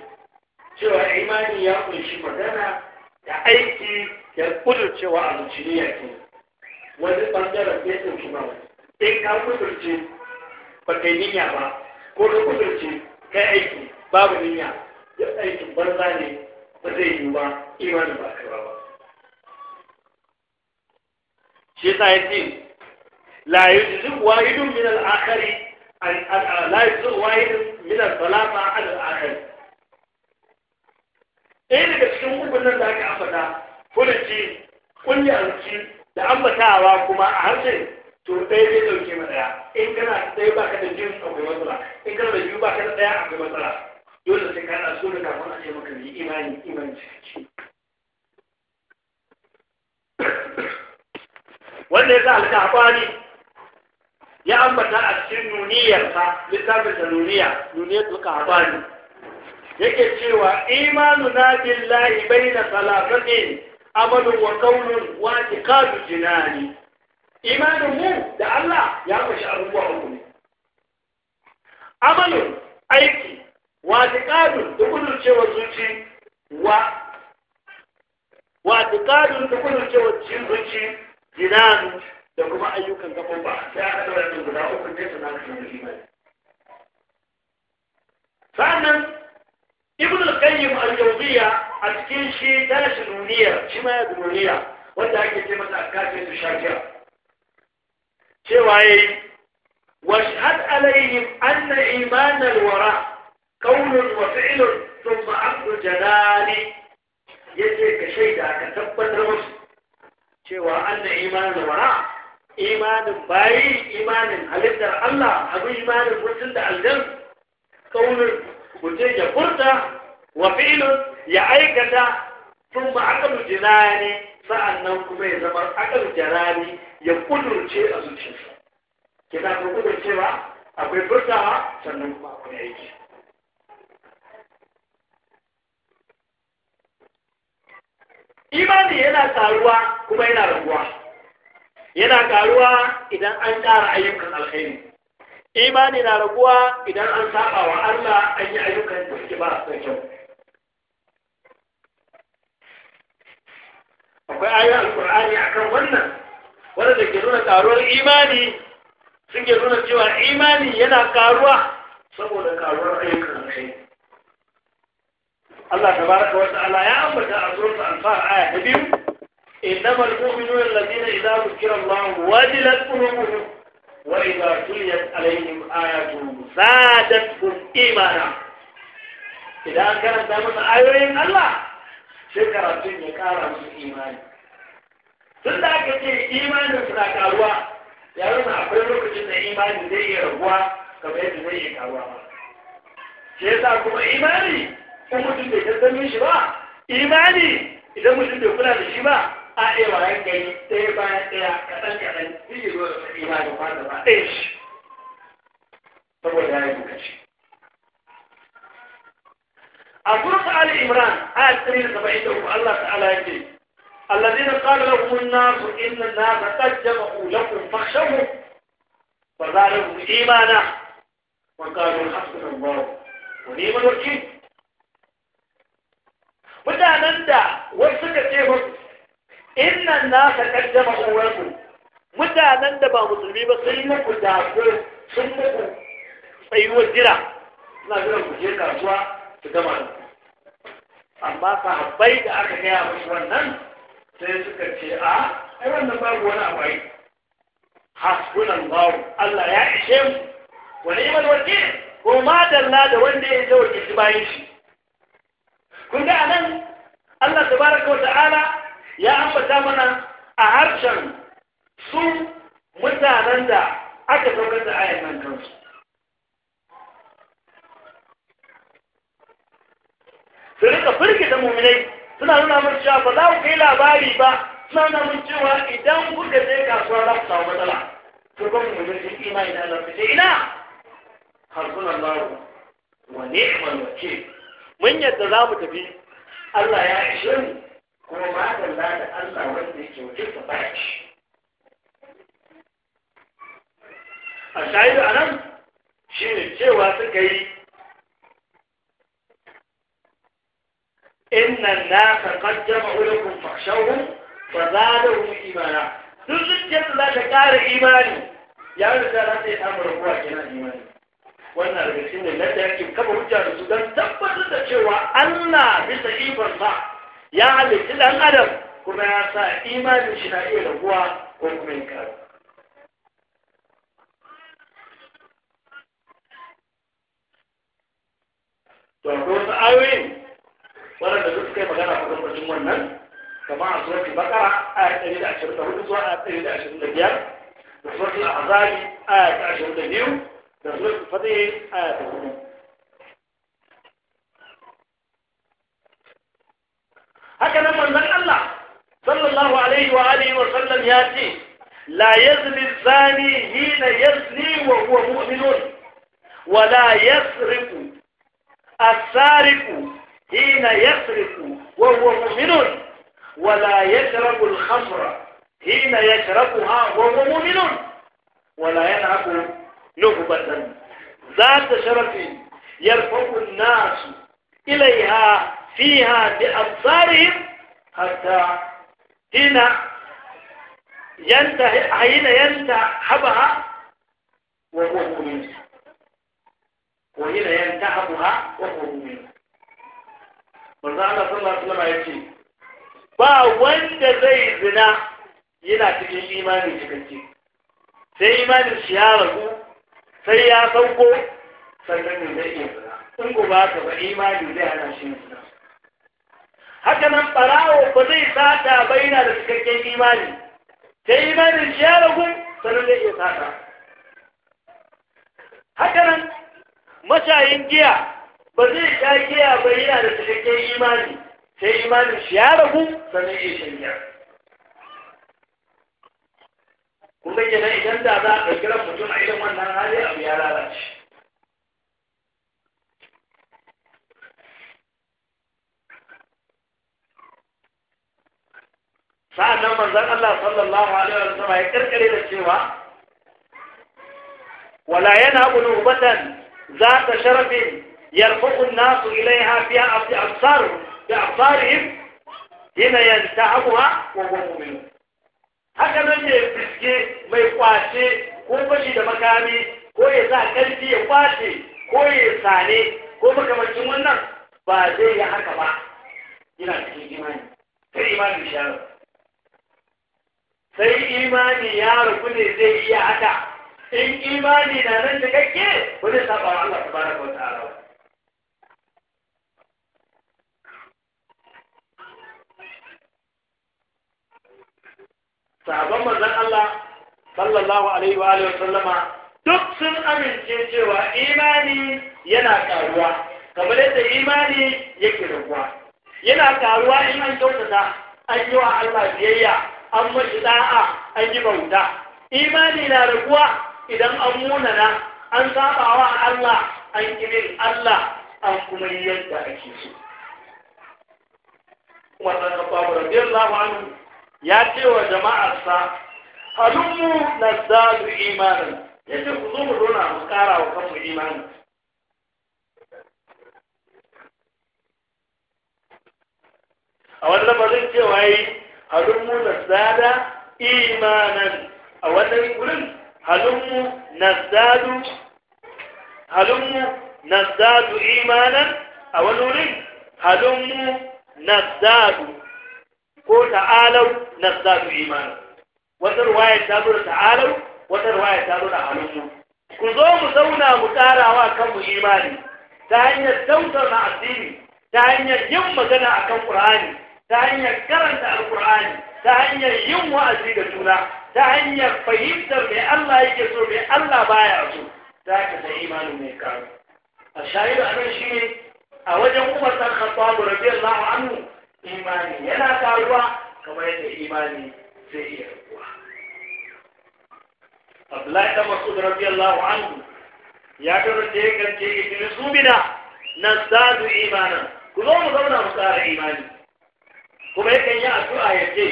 cewa imani ya kunshi magana da aiki da kudurcewa a zuciya ke wani bangaren ya kunshi ba in ka kudurce ba kai niyya ba ko ka kudurce kai aiki babu niyya duk aikin banza ne ba zai yi ba imani ba kai ba shi yasa ya ce la yujzu wahidun min al-akhari la yujzu wahidun min al-salama al-akhari ɗaya daga cikin ukun nan da aka ambata furuci kunyanci da ambatawa kuma a harshe to ɗaya zai ɗauke ma ɗaya in kana ɗaya ba ka da jin akwai matsala in kana da biyu ba ka da ɗaya akwai matsala dole sai kana so da kafin a ce maka yi imani imani cikakke wanda ya sa alƙafani ya ambata a cikin nuniyarsa littafin da nuniya nuniyar alƙafani yake cewa imanu na billahi baina salasatin amalun wa kaunin wa i'tiqadu jinani imanin mu da Allah ya kashi abubuwa uku ne amalun aiki wa i'tiqadun da cewa zuci wa wa i'tiqadun da cewa zuci jinani da kuma ayyukan gaban ba sai da daura guda uku ne sanan imani sannan ابن القيم الجوزية أتكين شيء تلاش نونية شما يدنونية وانت هكي تيمة أكاد في تشاكر شوائي واشهد عليهم أن إيمان الوراء قول وفعل ثم أخذ جلالي يجيك شيء داك تبت رمس شوى أن إيمان الوراء إيمان باي إيمان هل الله أبو إيمان المسلم ده الجن قول mutum ya furta wa fi'ilun ya aikata sun ba akalu jinani sa'annan kuma ya zama akalu jarani ya kudurce a zuciyarsa kina ko cewa, akwai furtawa sannan kuma akwai aiki imani yana karuwa kuma yana raguwa yana karuwa idan an ƙara ayyukan alkhairi imani na raguwa idan an saba wa Allah an yi ayyukan da suke ba su kyau akwai ayoyin alkur'ani kan wannan wanda ke nuna karuwar imani sun ke nuna cewa imani yana karuwa saboda karuwar ayyukan kai Allah ta baraka wa ta'ala ya ambata a suratul anfal aya ta biyu innamal mu'minuna alladhina idza dhukira Allah wajilat qulubuhum وإذا تليت عليهم آياته زادتهم إيمانا إذا كانت دائما آيوين الله شكرا ya كارا من imani. tunda aka ce imanin suna karuwa ya nuna akwai lokacin da imani zai iya raguwa kamar yadda zai iya karuwa ba shi yasa kuma imani in mutum bai san shi ba imani idan mutum bai kula da shi ba Eh, a iya wa ranka yi ɗaya bayan ɗaya kaɗan kaɗan yi ruwa da imanin wanda ba ɗaya shi saboda ya yi lokaci a surat ali imran aya 173 Allah ta'ala yake الذين قال لهم الناس إن الناس قد جمعوا لكم فاخشوهم فزادهم إيمانا وقالوا حسبنا الله ونعم الوكيل mutanen da wasu suka ce musu innan ka kaddama uwarku mutanen da ba musulmi ba sun yi muku da sun muku tsayuwar jira suna jira ku je kasuwa su gama da amma sahabbai da aka gaya musu wannan sai suka ce a ai wannan babu wani abai ai hasbunan bawu Allah ya ishe mu wani iman wakil ko madalla da wanda ya zo wakilci bayan shi kun ga anan Allah tabaraka wa ta'ala ya ambata mana a harshen su mutanen da aka saukar da ayan nan kansu su rika firgita muminai suna nuna mun cewa ba za ku kai labari ba suna nuna mun cewa idan kuka je kasuwa za ku samu matsala turban muminai sun imani da Allah ce ina harkun Allah wa ni'mal wakil mun yadda za mu tafi Allah ya ishe mu kuma madalla da Allah wanda yake wajen ka baya shi a shahidu a nan shi ne cewa suka yi In nan na karkar jama'u ba za fa zadahum imana duk zuciyar da za ta ƙara imani ya riga za ta yi amurka kuwa kenan imani wannan daga cikin da yake kafa hujja da su don tabbatar da cewa Allah bisa ikon sa ya halitta ɗan adam kuma ya sa imanin shi na iya raguwa ko kuma yin karu to ko wasu ayoyin waɗanda duk suka yi magana a kan wannan kama a a ɗari da ashirin da hudu zuwa a ɗari da ashirin da da biyar, suratul a aya ɗari da biyu, da a suratul ɗari da 4 هكذا من ذن الله صلى الله عليه وآله وسلم يأتي لا يزني الزاني حين يزني وهو مؤمن ولا يسرق السارق حين يسرق وهو مؤمن ولا يشرب الخمر حين يشربها وهو مؤمن ولا يلعب نهبة ذات شرف يرفع الناس إليها fiha bi absarihim hatta hina yanta yanta habaha wa huwa mu'min wa hina yanta habaha wa huwa mu'min manzo Allah sallallahu alaihi wasallam ba wanda zai zina yana cikin imani cikakke sai imanin shi ya ragu sai ya sauko sannan zai iya zina in ba ka ba imani zai hana shi zina haka nan ɓarawo ba zai sata ba yana da cikakken imani sai imanin shi ya ragu sanin zai iya sata haka nan mashayin giya ba zai sha giya ba yana da cikakken imani sai imanin shi ya ragu sannan iya shan giya Kuma bayyana idan da za a ɗauki mutum a irin wannan hali abu ya lalace nan manzan Allah sallallahu alaihi wasallam ya ƙirƙire da cewa wala yana bunu batan zata sharafin yarfa'u an-nasu a fi absar da absarihim yanta yantahuha ko huwa mu'min haka nan ne fiske mai kwace ko fashi da makami ko ya sa ƙarfi ya kwace ko ya sane ko makamancin wannan ba zai yi haka ba ina cikin imani sai imani shara sai imani ya rufu ne zai iya haka in imani na nan da kake wani saba wa Allah ta wa ta'ala Sabon manzon Allah sallallahu alaihi wa alihi wa sallama duk sun amince cewa imani yana karuwa kamar yadda imani yake raguwa yana karuwa in an kyautata an yi wa Allah biyayya an mashi da'a an yi bauta imani na raguwa idan an munana an sabawa Allah an kirin Allah an kuma yi yadda ake so wannan kafafu radiyallahu anhu ya ce wa jama'arsa halummu nazdadu imanin ce ku zo mu dona mu kara wa kanmu imani a wannan bazin cewa yi halummu zada imanan a wannan wurin halummu nazadu halummu imanan a wani wurin halummu zadu ko ta'alau zadu imanan wata ruwaya ta zo da ta'alau wata ruwaya ta zo da halummu ku zo mu zauna mu karawa mu imani ta hanyar na addini ta hanyar yin magana a kan Qur'ani ta hanyar karanta alkur'ani ta hanyar yin wa'azi da juna ta hanyar fahimtar mai Allah yake so mai Allah baya so za ka da imanin mai karu a shahidu a nan shine a wajen Umar dan Khattab radiyallahu anhu imani yana karuwa kamar yadda imani zai iya rabuwa Abdullahi da Mas'ud radiyallahu anhu ya da ya kance ibn Subina nan sadu imanan ku zo mu zauna mu tsara imani kuma yakan yi addu'a ya ce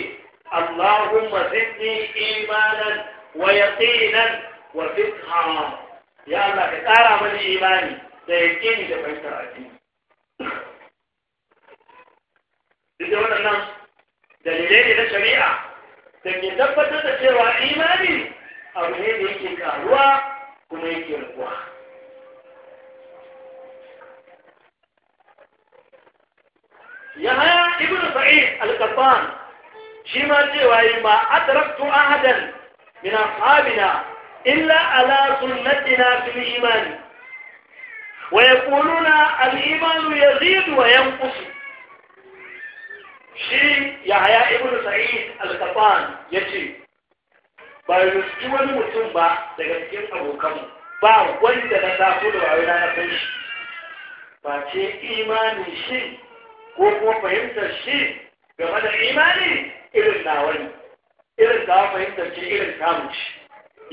Allahumma zidni imanan wa yaqinan wa fiqha ya Allah ka tsara mani imani da yaqini da fahimtar addini duk da waɗannan dalilai ne na shari'a da ke tabbatar da cewa imani abu ne da yake karuwa kuma yake rabuwa yahaya ibn sa'id al-qattan shi ma cewa yi ma adraktu ahadan min ashabina illa ala sunnatina fil iman wa yaquluna al-iman yazid wa yanqus shi yahaya ibn sa'id al-qattan yace ba yanzu wani mutum ba daga cikin abokanmu ba wanda na taso da wayo na kai ba ce imanin shi ko kuma fahimtar shi game da imani irin nawa ne irin ta fahimtar shi irin tamu ce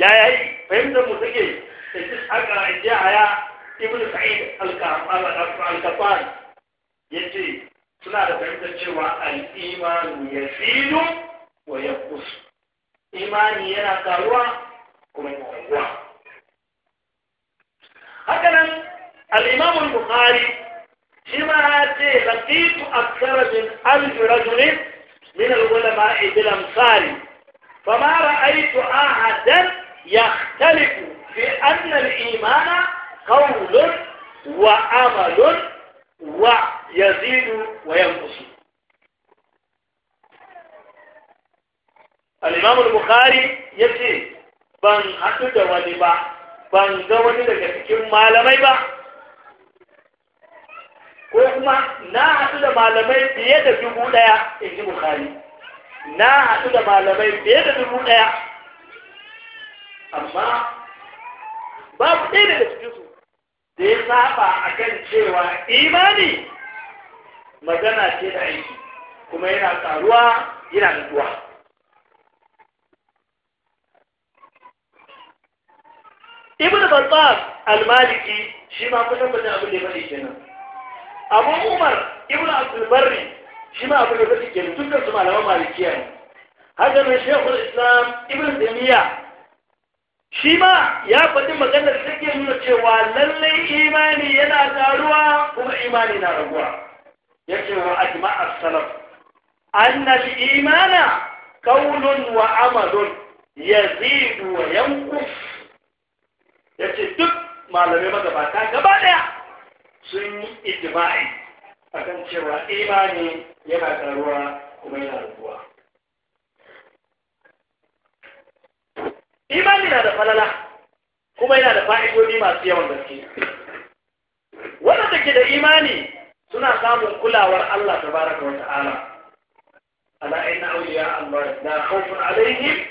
ya yi fahimtar mu take da shi aka ya haya Ibn sa'id al-kafan ce suna da fahimtar cewa al-imanu yazidu wa ya yanqus imani yana karuwa kuma yana raguwa haka nan al-imam al-bukhari جماعتي لقيت أكثر من ألف رجل من العلماء بالأمثال فما رأيت أحدا يختلف في أن الإيمان قول وعمل ويزيد وينقص الإمام البخاري يقول ban haɗu da wani ba ban ga مالا ميبا ko kuma na haɗu da malamai fiye da dubu ɗaya in ji bukari na haɗu da malamai fiye da dubu ɗaya amma babu ɗaya daga cikinsu da ya saba a kan cewa imani magana ce da aiki kuma yana ƙaruwa yana nutuwa ibn battar al-maliki shi ma kusan abin da ya faɗi kenan abu umar ibn al-barri shi ma abu da zai ke dukkan su malaman malikiya ne haka nan shekul islam ibn taymiya shi ma ya faɗi maganar da take nuna cewa lallai imani yana taruwa kuma imani na raguwa ce wa ajma'a salaf anna al-imana qawlun wa amalun yazidu wa yanqus yace duk malamai magabata gaba ɗaya. sun yi a kan cewa imani yana karuwa kuma yana rabuwa imani na da falala kuma yana da fa'idodi masu yawan gaske waɗanda ke da imani suna samun kulawar Allah tabaraka wa ta'ala ala inna awliya Allah na khawfun alaihi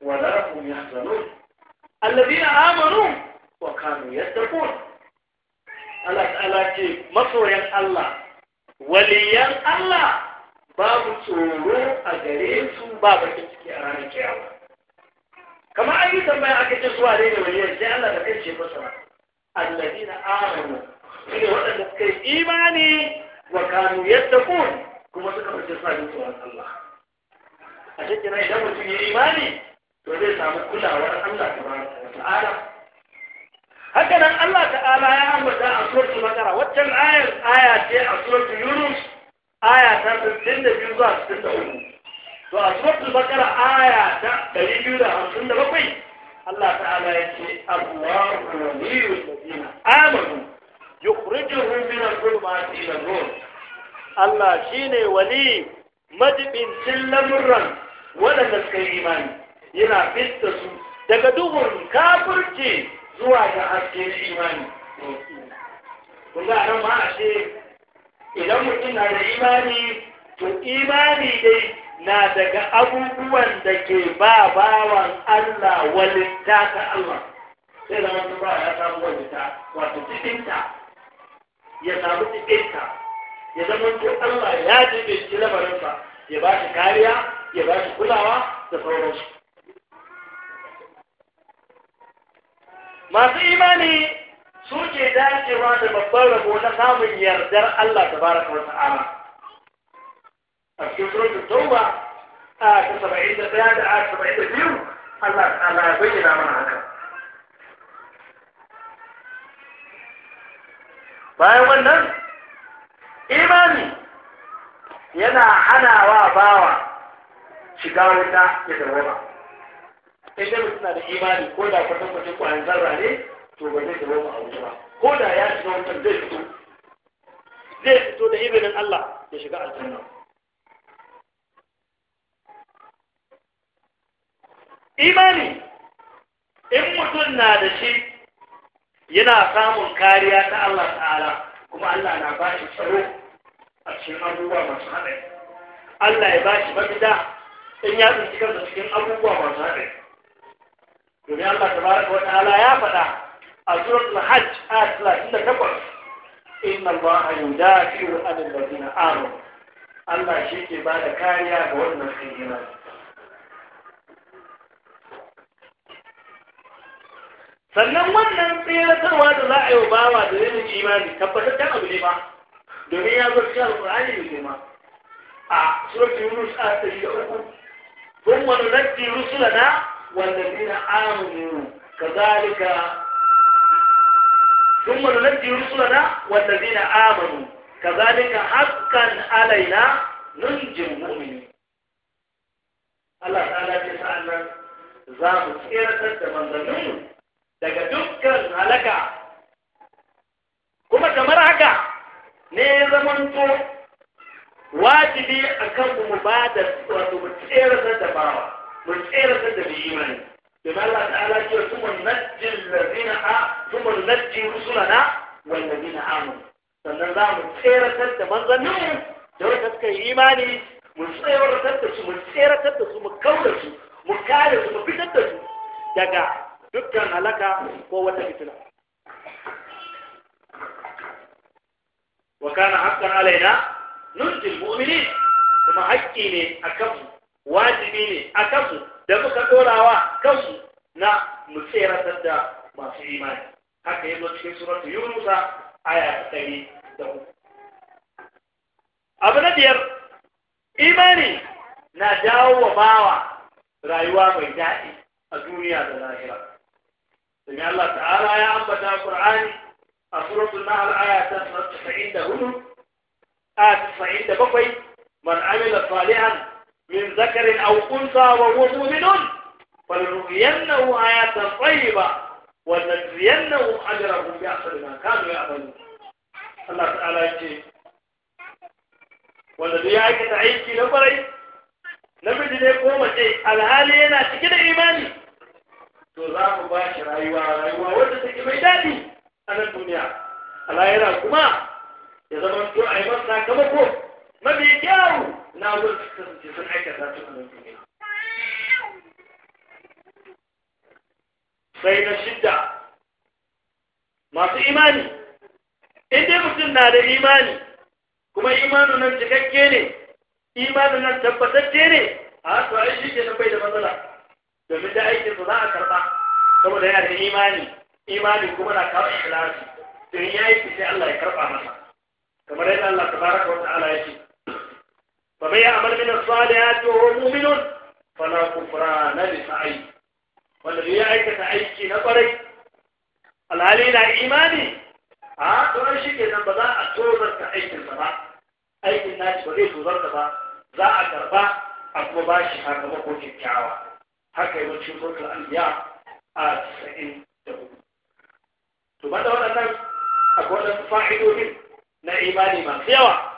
wa la hum yahzanun alladhina amanu wa kanu yadda kuwa? Allah ta'ala ce masoyan Allah waliyan Allah babu tsoro a gare su ba bakin ciki a ranar kiyama kamar an yi tambaya aka ce suwa ne da waliyan sai Allah da kai ce masa allazina amanu ne waɗanda suka yi imani wa kanu yadda kun kuma suka fice sa yi tsoron Allah a cikin idan mutum ya imani to zai samu kulawar Allah ba wa ta'ala haka nan Allah ta'ala ya ambata a suratul bakara waccan ayar aya ce a suratul yunus aya ta 62 zuwa 63 to a suratul bakara aya ta 257 Allah ta'ala ya ce Allahu waliyul ladina amanu yukhrijuhum min al-dhulumati ila an-nur Allah shine wali majibincin lamurran wala suka yi imani yana fitta su daga duhun kafirci zuwa ga haske na imani kun ga nan ma ce idan mutum na da imani to imani dai na daga abubuwan da ke ba bawan Allah walinta ta Allah sai zama su ba ya samu ta wato cikinta ya samu cikinta ya zama to Allah ya jibe shi lamarinsa ya ba shi kariya ya ba shi kulawa da sauransu masu imani suke dacewa da babban rabo na samun yardar Allah ta baraka wa ta'ala a cikin surutun tauba a ta saba'in da ɗaya da a saba'in da biyu Allah ta'ala ya bayyana mana haka bayan wannan imani yana hanawa bawa shiga wuta ya tarwata sai dai suna da imani ko da kwatan kwatan kwayan zarra ne to ba zai zama mu abu ba ko da ya shiga wutar zai fito zai fito da izinin Allah ya shiga aljanna imani in mutum na da shi yana samun kariya ta Allah ta'ala kuma Allah na ba shi tsaro a cikin abubuwa masu haɗari Allah ya ba shi mafita in ya tsinci kansa cikin abubuwa masu haɗari domin Allah ta baraka wa ta'ala ya faɗa a suratul hajj ayat 38 inna allaha yudafi'u 'anil ladina amanu Allah shi ke ba da kariya ga wannan tsibirar. Sannan wannan tsayarwa da za a yi wa bawa da zai ji imani tabbatar ta abu ne ba, domin ya zo cikin alƙur'ani da girma. A surat Yunus a tsari da uku, kun wani nadi rusula na والذين آمنوا كذلك ثم ننجي رسلنا والذين آمنوا كذلك حقا علينا ننجي المؤمنين Allah ta'ala ce sa'an nan za mu tseratar da manzanninmu daga dukkan halaka kuma kamar haka ne zamanto wajibi a kan mu ba da wato mu tseratar da bawa مسألة بالإيمان بما الله تعالى ثم ننجي الذين ثم ننجي رسلنا والذين آمنوا sannan za mu tseratar da manzanninmu da wata suka yi imani mu tseratar da su mu tseratar da su mu kauda su mu kare su mu fitar da su daga dukkan halaka ko wata fitina wa kana haqqan alaina nunjil mu'minin kuma haƙƙi ne akan mu wajibi ne a kansu da muka ɗorawa kansu na mu da masu imani haka yi zo cikin suratu yunusa aya ɗari da abu na biyar imani na dawo wa bawa rayuwa mai daɗi a duniya da lahira Sani Allah ta'ala ya ambata Qur'ani a suratul Nahl aya ta 94 a 97 man amila salihan من ذكر أو أنثى وهو مؤمن فلنحيينه حياة طيبة ولنجزينهم أجرهم بأحسن ما كانوا يعملون الله تعالى يجي والذي يعيك تعيك نبري namiji ne ko mace alhali yana cike da imani to za mu ba shi rayuwa rayuwa wanda take mai daɗi a nan duniya a kuma ya zama to a sakamako mafi kyawu na wurin su kasance sun aikata su a nan sai na shidda masu imani idan mutum na da imani kuma imanu nan cikakke ne imanu nan tabbatacce ne a to ai shi ke nan bai da matsala domin da aikin su za a karɓa saboda yana da imani imani kuma na kawo ikhlasi to in yayi sai Allah ya karɓa masa kamar yadda Allah tabaraka wata ala ya ce فمن يعمل من الصالحات وهو مؤمن فلا كفران لسعي والذي يعيك تعيكي نظري العليل آه، لا إيماني ها تقول شيء كذا بدا أتوزر كأيك الزبا أيك الناس وليس توزر كذا ذا أكربا أكو باشي هكذا مكو كتعاوى هكذا يوجد شروط الأنبياء آسعين آه، تبو ثم دون هنا أقول لك فاعلوا من na imani سيوا yawa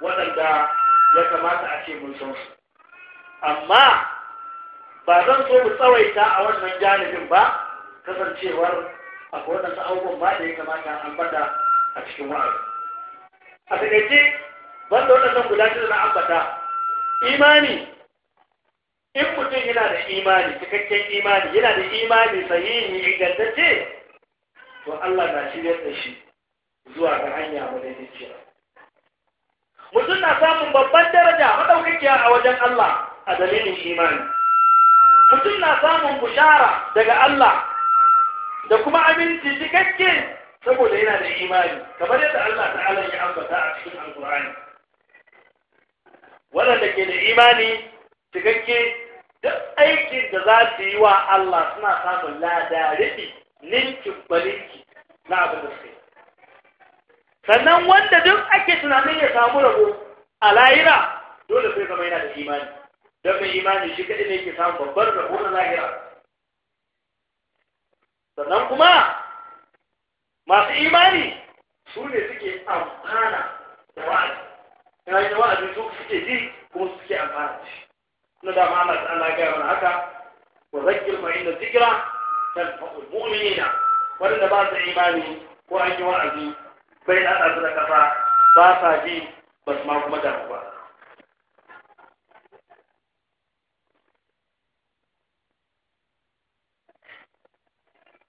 waɗanda ya kamata a ce mun san su amma ba zan so mu tsawaita a wannan janibin ba kasancewar akwai waɗansu abubuwan ba da ya kamata an bada a cikin wa'azi a takaice ban da waɗannan guda shida na ambata imani in mutum yana da imani cikakken imani yana da imani sayi, sahihi ingantacce to Allah na shirya da shi zuwa ga hanya madaidaiciya mutum na samun babban daraja maɗaukakiya a wajen Allah a dalilin imani mutum na samun bushara daga Allah da kuma aminci cikakke saboda yana da imani kamar yadda Allah ta'ala ya ambata a cikin alkur'ani waɗanda ke da imani cikakke duk aikin da za su yi wa Allah suna samun ladarifi rufi ninkin balinki na abin da suke sannan wanda duk ake tunanin ya samu rabo a lahira dole sai kama yana da imani don mai imani shi kaɗai ne ke samun babbar rabo na lahira sannan kuma masu imani su ne suke amfana da wa'azi yana yi da wa'azi su suke ji kuma suke amfana da shi na dama Allah ta haka wa zakir ma inda zikira kan fa'ul mu'minina wanda ba su imani ko an yi wa'azi bai an su da ƙasa ba sa bi ba su ma kuma damu ba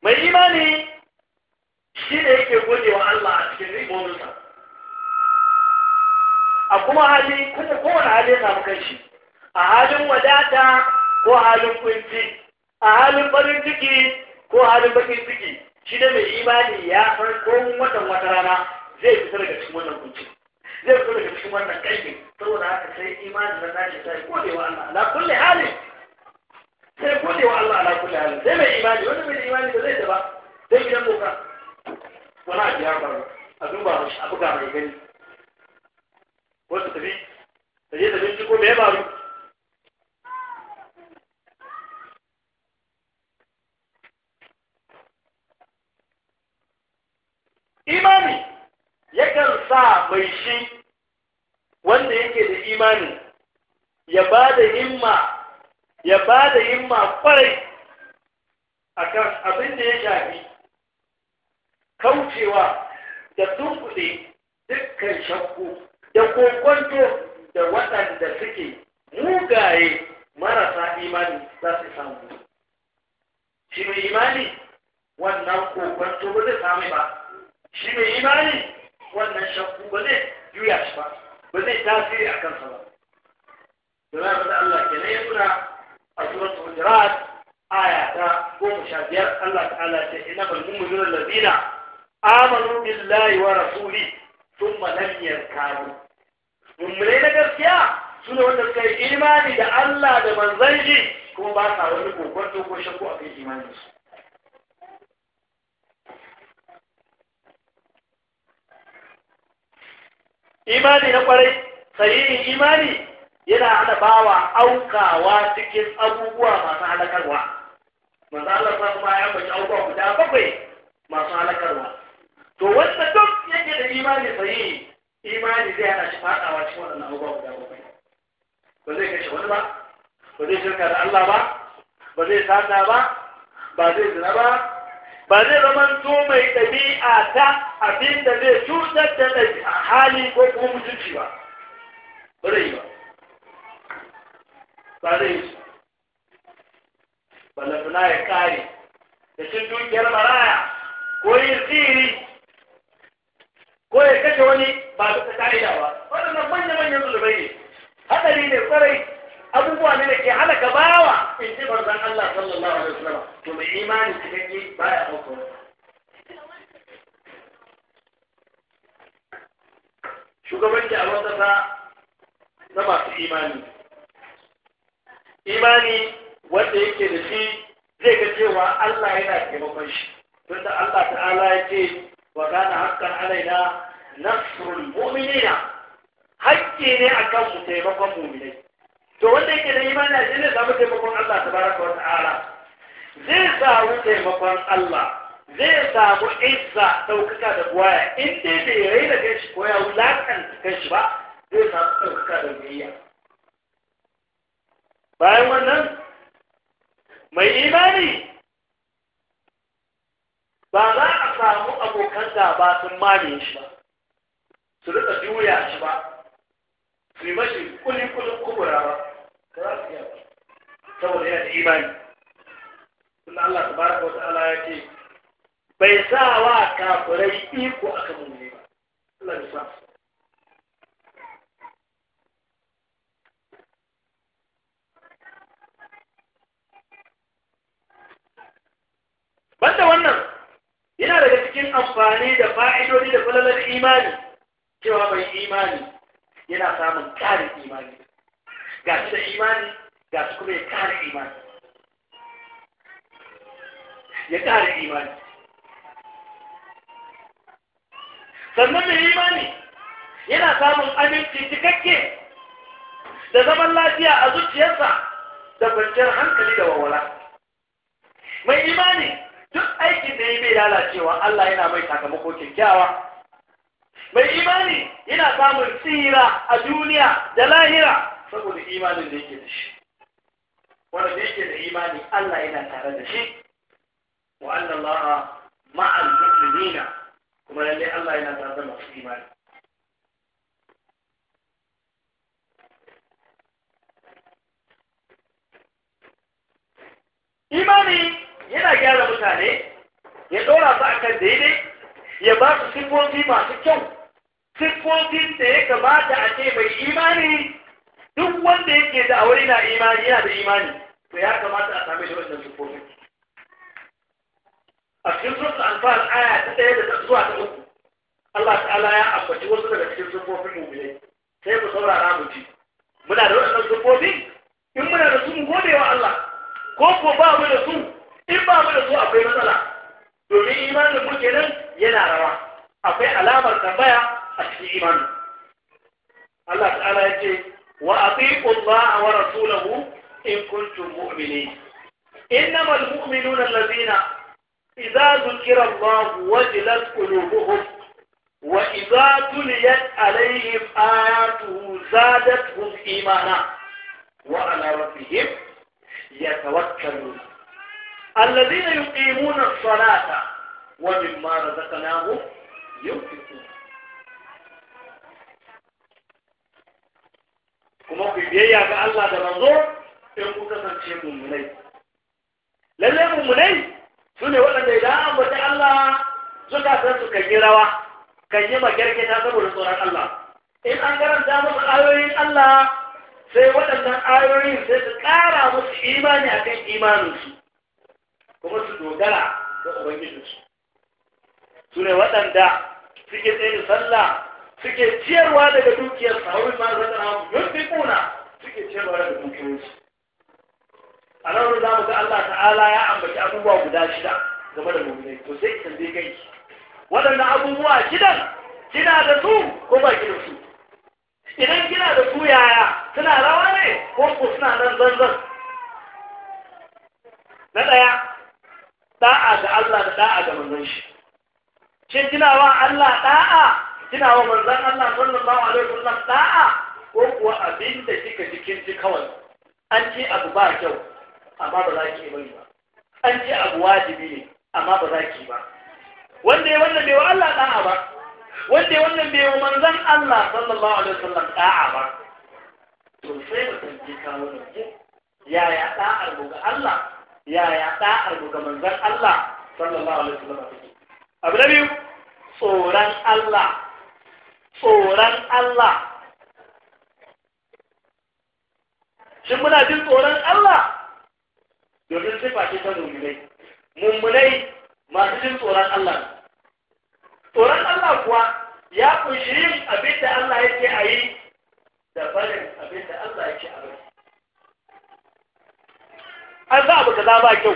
mai imani shi ne yake gode wa Allah a cikin ribonsa a kuma hali kuma kowane hali ya samu shi, a halin wadata ko halin kunci a halin farin ciki ko halin bakin ciki shi ne mai imani ya san watan wata rana zai fita daga cikin wannan kunci zai fita daga cikin wannan kaifin saboda haka sai imani na nashi sai gode wa Allah ala kulli hali sai gode wa Allah ala kulli hali sai mai imani wanda mai imani ba zai ta ba sai gidan boka wani abu ya faru a ba mashi a buga mai gani wasu tafi da je ta binciko da ya faru imani yakan sa mai shi wanda yake da imani ya ba da himma ya ba da himma kwarai a kan abin da ya shafi kaucewa da tunkuɗe dukkan shakku da kokonto da waɗanda suke mugaye marasa imani za su samu shi mai imani wannan kokonto ba zai samu ba shi ne imani wannan shakku ba zai juya shi ba ba zai tasiri a kansa ba domin da Allah ke na yanuna a suratul hujurat aya ta goma sha biyar Allah ta'ala ce ina bal mu'minun ladina amanu billahi wa rasuli thumma lam yarkabu mu'minai na gaskiya suna wanda suka yi imani da Allah da manzon shi kuma ba sa wani kokonto ko shakku a kan imaninsu imani na kwarai sahihin imani yana hana bawa aukawa cikin abubuwa masu halakarwa masu Allah sa kuma ya bace abubuwa guda bakwai masu halakarwa to wanda duk yake da imani sahihi imani zai hana shi fadawa cikin waɗannan abubuwa guda bakwai ba zai kashe wani ba ba zai shirka da Allah ba ba zai sata ba ba zai zina ba ba zai zama to mai ɗabi'a ta abin da zai cutar da ɗabi'a hali ko kuma mutunci ba ba zai ba ba zai yi ballatuna ya kare da cin dukiyar maraya ko yi tsiri ko ya kashe wani ba bisa ka'ida ba waɗannan manya-manyan zulubai ne haɗari ne kwarai abubuwa ne da ke ka bawa in ji manzon Allah sallallahu alaihi wasallam to mai imani cikakke baya ɗauka shugabanci a wata ta na masu imani imani wanda yake da shi zai ga cewa Allah yana taimakon shi da Allah ta'ala ya ce wa kana haqqan alaina nasrul mu'minina hakki ne akan su taimakon mu'minai to wanda yake da imani na zai samu taimakon Allah tabaraka wa ta'ala zai samu taimakon Allah zai samu izza ɗaukaka da buwaya in dai bai raina kanshi ko ya wulakanta kanshi ba zai samu ɗaukaka da biyayya bayan wannan mai imani ba za a samu abokan ba sun mame shi ba su rika juya shi ba su yi mashi kuli kubura ba ba za su ba saboda yana da imani kuma Allah tabaraka kawai ta'ala ya ce bai sa wa kafirai iko a kan mummuni ba Allah ya sa banda wannan yana daga cikin amfani da fa'idodi da falalar imani cewa mai imani yana samun ƙarin imani ga da imani ga kuma ya kare imani ya kare imani sannan mai imani yana samun aminci cikakke da zaman lafiya a zuciyarsa da kwanciyar hankali da wawala mai imani duk aikin da ya mai lalacewa Allah yana mai sakamako kyakkyawa mai imani yana samun tsira a duniya da lahira saboda imanin da yake da shi wanda da yake da imani Allah yana tare da shi wa anna Allah ma'al mu'minina kuma lalle Allah yana tare da masu imani imani yana gyara mutane ya ɗora su akan daidai ya ba su siffofi masu kyau siffofin da ya kamata a ce mai imani duk wanda yake da aure na imani yana da imani to ya kamata a same shi wannan sufofin a cikin sura anfal aya ta 1 da zuwa ta uku, Allah ta'ala ya ambaci wasu daga cikin sufofin mu'minai sai mu saurara mu ji muna da wannan sufofin in muna da su mu gode wa Allah ko ko ba mu da su in ba mu da su akwai matsala domin imanin mu kenan yana rawa akwai alamar tambaya a cikin imanin Allah ta'ala ya ce وأطيعوا الله ورسوله إن كنتم مؤمنين إنما المؤمنون الذين إذا ذكر الله وجلت قلوبهم وإذا تليت عليهم آياته زادتهم إيمانا وعلى ربهم يتوكلون الذين يقيمون الصلاة ومما رزقناهم ينفقون kuma ku biyayya ga Allah da manzo in ku kasance mummunai lalle mummunai su ne waɗanda idan an bata Allah suka san su kan yi rawa kan yi magargata saboda tsoron Allah in an garanta musu ayoyin Allah sai waɗannan ayoyin sai su ƙara musu imani akan imaninsu kuma su dogara da ubangijinsu su ne waɗanda suke tsaye sallah suke ciyarwa daga dukiyar sa wani ma zata na kuna suke ciyarwa daga dukiyar a nan za mu ga Allah ta'ala ya ambaci abubuwa guda shida game da mu'minai to sai ita zai kai waɗannan abubuwa shidan kina da su ko ba da su idan kina da su yaya suna rawa ne ko ku suna nan zanzan na ɗaya da'a ga Allah da da'a ga manzon shi shin kina wa Allah da'a kina wa manzon Allah sallallahu alaihi wasallam da'a ko kuwa abin da kika cikin ji kawai an ce abu ba kyau amma ba za ki yi ba an ce abu wajibi ne amma ba za ki ba wanda ya wannan bai wa Allah da'a ba wanda ya wannan bai wa manzon Allah sallallahu alaihi wasallam da'a ba to sai mutum ke kawo ne yaya da'ar mu ga Allah yaya da'ar mu ga manzon Allah sallallahu alaihi wasallam abu na biyu tsoron Allah tsoron Allah shin muna jin tsoron Allah domin sifa ce ta mummunai mummunai masu jin tsoron Allah tsoron Allah kuwa ya kunshi yin abin da Allah yake a yi da barin abin da Allah yake a bari an za abu kaza ba kyau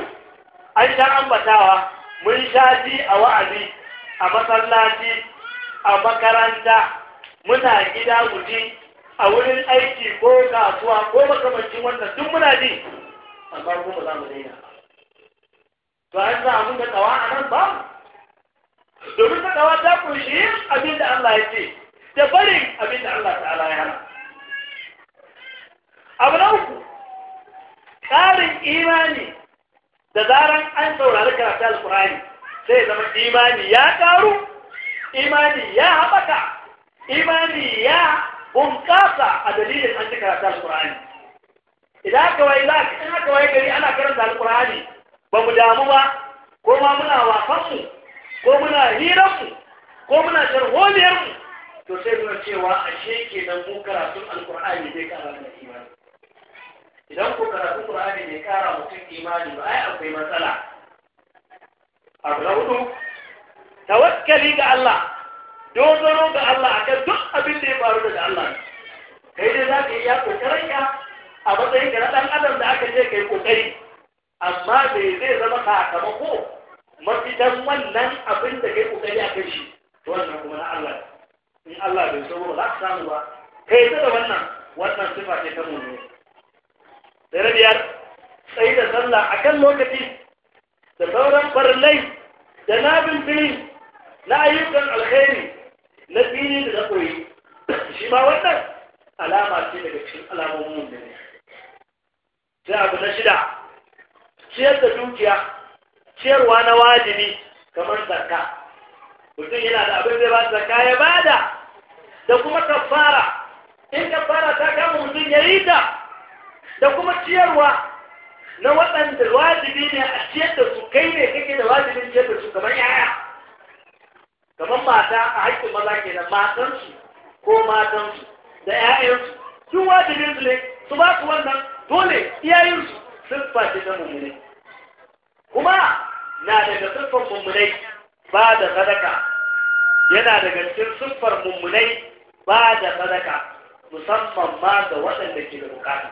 an sha ambatawa mun sha ji a wa'azi a masallaci a makaranta muna gida guji a wurin aiki ko kasuwa ko makamancin wannan duk muna ji amma ko ba za mu daina to an za mu da tsawa a nan ba domin ta tsawa ta kunshi abin da Allah ya ce da barin abin da Allah ta'ala ya hana abu na uku ƙarin imani da zaran an saurari karatu alkurani sai zama imani ya ƙaru imani ya haɓaka imani ya bunƙasa a dalilin an cika ta alƙur'ani idan aka wai za in aka waye gari ana karanta alƙur'ani ba mu damu ba ko ma muna wasanmu ko muna hiranmu ko muna sharholiyarmu to sai nuna cewa sheke nan mu karatun alƙur'ani bai kara mana imani idan ku karatun alƙur'ani bai kara mutum imani ba ai akwai matsala abu na hudu tawakkali ga Allah dogaro ga Allah akan duk abin da ya faru daga Allah kai dai za ka yi ya kokarin ka a matsayin ka na dan adam da aka je kai kokari amma bai zai zama ko mafitan wannan abin da kai kokari a kai shi wannan kuma na Allah in Allah bai so ba za ka samu ba kai da wannan wannan sifa ce ta mu'mini sai biyar sai da sallah akan lokaci da sauran farlai da nabin fili na ayyukan alkhairi na fili da na koyi shi ma wannan alama ce daga cikin alamomin mun ne sai abu na shida ciyar da dukiya ciyarwa na wajibi kamar zakka mutum yana da abin da ba zakka ya bada da kuma kafara in kafara ta kama mutum ya yi ta da kuma ciyarwa na waɗanda wajibi ne a ciyar da su kai ne kake da wajibin ciyar da su kamar yaya kamar mata a haƙƙin maza ke da matansu ko matansu da 'ya'yansu sun wajibin su ne su ba su wannan dole iyayensu sun fashe ta mummune kuma na daga siffar mummunai ba da sadaka yana daga cikin siffar mummune ba da sadaka musamman ma da waɗanda ke da bukata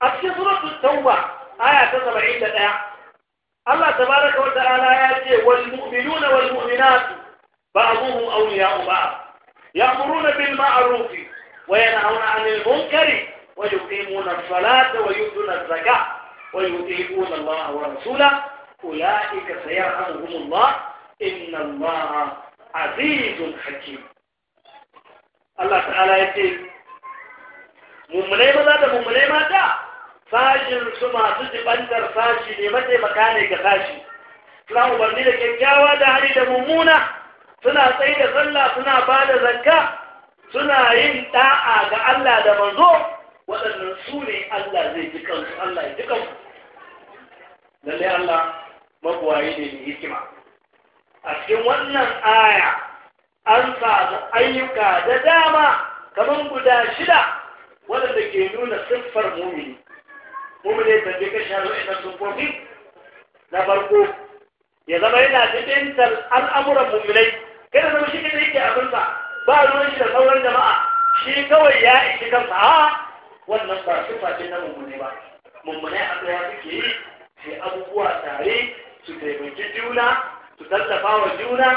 a cikin suratul tauba aya ta saba'in da ɗaya. الله تبارك وتعالى يأتي والمؤمنون والمؤمنات بعضهم أولياء بعض يأمرون بالمعروف وينهون عن المنكر ويقيمون الصلاة ويؤتون الزكاة ويطيعون الله ورسوله أولئك سيرحمهم الله إن الله عزيز حكيم الله تعالى يقول مملي ماذا مملي ماذا sashin su masu jibantar sashi ne mataimaka ne ga sashi suna umarni da kyakkyawa da hali da mummuna suna tsaye da sallah suna ba da zakka suna yin ɗa'a ga Allah da manzo waɗannan su ne Allah zai ji kansu Allah ya ji kansu lalle Allah magwayi ne mai hikima a cikin wannan aya an samu ayyuka da dama kamar guda shida waɗanda ke nuna siffar mumini kuma zai tambaye ka shahar wa'annan na farko ya zama yana jibintar al'amuran mummunai kada zama shi kada yake abinsa ba ruwan shi da sauran jama'a shi kawai ya ishi kansa a wannan ba su ce na mummunai ba mummunai a tsaya suke yi su abubuwa tare su taimaki juna su tallafa wa juna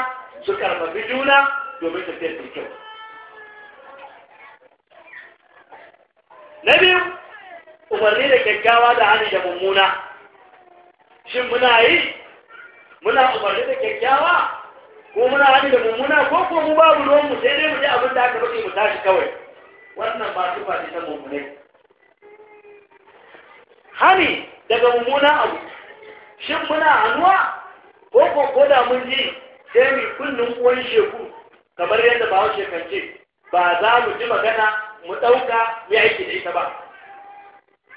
su karfafi juna domin tafiyar da kyau na biyu umarni da kyakkyawa da hani da mummuna shin muna yi muna umarni da kyakkyawa ko muna hani da mummuna ko ko mu babu ruwan mu sai dai mu ji abin da aka rufe mu tashi kawai wannan ba su faɗi ta mummune hani daga mummuna abu shin muna hannuwa ko ko ko da mun ji sai mu kunnun uwan sheku kamar yadda ba kan ce ba za mu ji magana mu ɗauka mu aiki da ita ba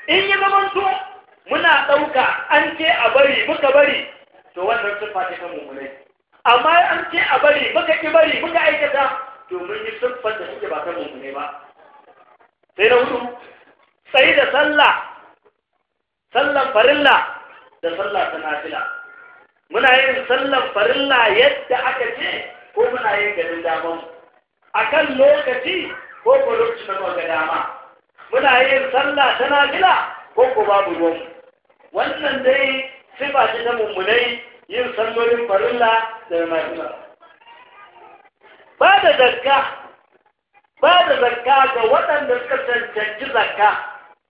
in ya to muna ɗauka an ce a bari muka bari to wannan siffa ce ta mummune amma an ce a bari muka ki bari muka aikata to mun yi siffar da suke ba ta mummune ba sai na hudu sai da sallah sallan farilla da sallah ta nafila muna yin sallan farilla yadda aka ce ko muna yin ganin daman kan lokaci ko ko lokacin da ga dama muna yin sallah ta nafila ko ko babu ruwan wannan dai sifa shi ta mummunai yin sallolin farilla da nafila ba da zakka ba da zakka ga waɗanda suka cancanci zakka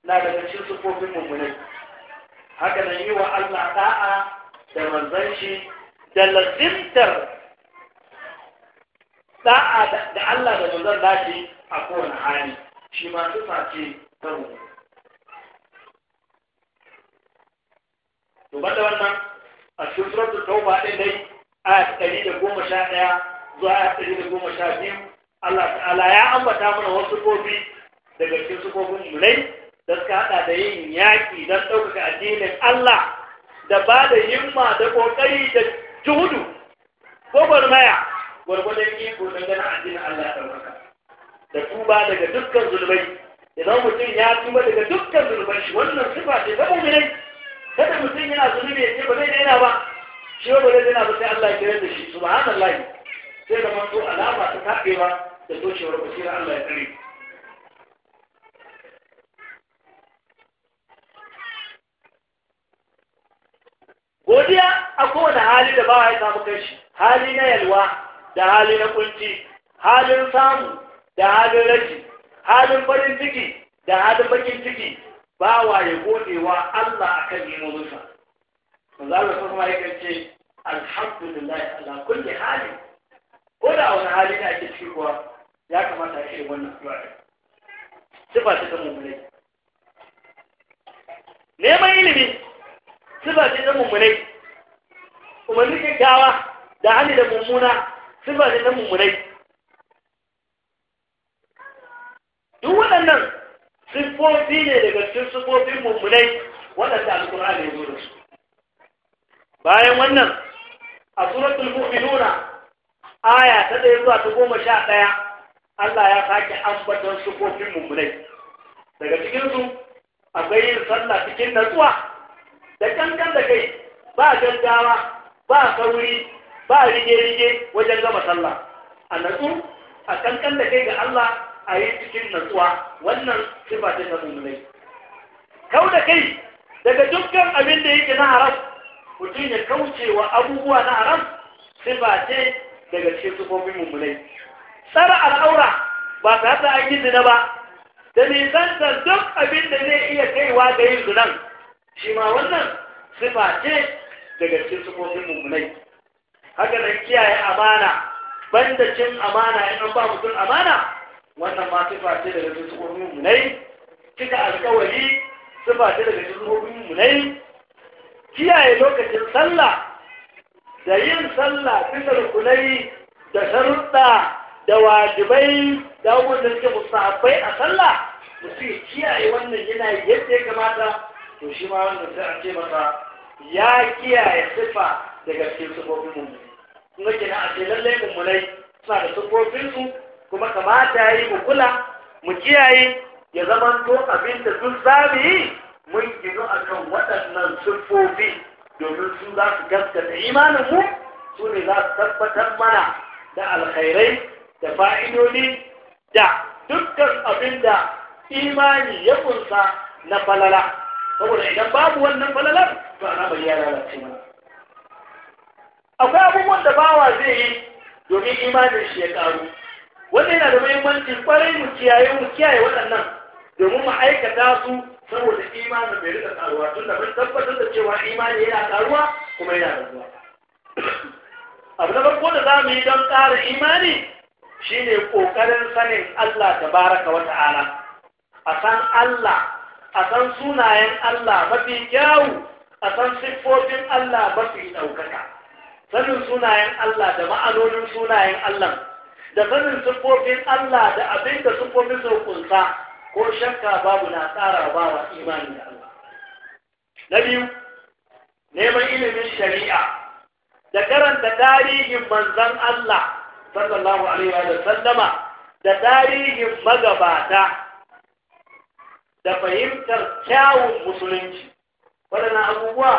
na daga cikin sufofin mummunai haka nan yi wa Allah da'a da manzanci da lazimtar da'a da Allah da manzan dashi a kowane hali shi ma sifa ce ta rubu Tuba da wannan a cikin suratul tauba ɗin dai aya ɗari da goma sha ɗaya zuwa aya ɗari da goma sha biyu Allah ta'ala ya ambata mana wasu kofi daga cikin su kofin mulai da suka haɗa da yin yaƙi don ɗaukaka addinin Allah da ba da himma da ƙoƙari da juhudu maya, gwargwadon iko dangane addinin Allah ya ɗaukaka. da tuba daga dukkan zulmai idan mutum ya tuba daga dukkan zulmai shi wannan sifa ce ta mu'minai kada mutum yana zunubi ya ce ba zai daina ba shi ba zai daina ba sai Allah ya kira da shi subhanallah sai da manzo alama ta kafewa da tocewar basira Allah ya kare godiya a kowane hali da bawa ya samu kai shi hali na yalwa da hali na kunci halin samu da halin rashi halin farin ciki da halin bakin ciki ba wa ya godewa Allah akan nemominsa manzala sun kuma yakan ce alhamdulillah ala kulli hali ko da wani hali da ake ciki kuwa ya kamata a yi wannan addu'a sifa ta mummunai neman ilimi sifa ce ta mummunai umarni gawa, da hali da mummuna sifa ta ta mummunai duk waɗannan siffofi ne daga cikin siffofin mummunai waɗanda alƙur'ani ya zo su bayan wannan a suratul mu'minuna aya ta ɗaya zuwa ta goma sha ɗaya Allah ya sake ambaton siffofin mummunai daga cikin cikinsu akwai yin sallah cikin natsuwa da kankan da kai ba gaggawa ba sauri ba rige-rige wajen gama sallah a natsu a kankan da kai ga Allah a yi cikin natsuwa wannan sifa ce ta mummunai kau da kai daga dukkan abin da yake na haram mutum ya kauce wa abubuwa na haram sifa ce daga cikin sufofin mummunai tsara al'aura ba ta da an yi zina ba da nisantar duk abin da zai iya kaiwa ga yin zinan shi ma wannan sifa ce daga cikin sufofin mummunai haka nan kiyaye amana banda cin amana in an ba mutum amana wannan ma sifa ce daga cikin sufofin munai cika alkawari sifa ce daga cikin sufofin munai kiyaye lokacin sallah da yin sallah bisa rukunai da sharuɗa da wajibai da abubuwan da suke a sallah yi kiyaye wannan yana yadda ya kamata to shi ma wannan sai a ce masa ya kiyaye sifa daga cikin sufofin munai kuma kina a ce lallai mummunai suna da sufofin su kuma kamata ya yi mu kula mu kiyaye ya zama to abin da duk za yi mun gino a kan waɗannan siffofi domin su za su gaskata imanin mu su ne za su tabbatar mana da alkhairai da fa'idodi da dukkan abin da imani ya kunsa na falala saboda idan babu wannan falalar to ana bari ya lalace mana akwai abubuwan da bawa zai yi domin imanin shi ya ƙaru wanda yana da muhimmanci kwarai mu kiyaye mu kiyaye waɗannan domin mu aikata su saboda imanin bai rika karuwa tun da mun tabbatar da cewa imani yana karuwa kuma yana raguwa abu na farko da za mu yi don ƙara imani shine ƙoƙarin sanin Allah baraka wa ta'ala a san Allah a san sunayen Allah mafi kyawu a san siffofin Allah mafi ɗaukaka sanin sunayen Allah da ma'anonin sunayen Allah da sanin siffofin Allah da abin da siffofin sun kunsa ko shakka babu na tsara ba wa imani da Allah. Na biyu, neman ilimin shari'a da karanta tarihin manzan Allah sallallahu alaihi wa sallama da tarihin magabata da fahimtar kyawun musulunci. Waɗannan abubuwa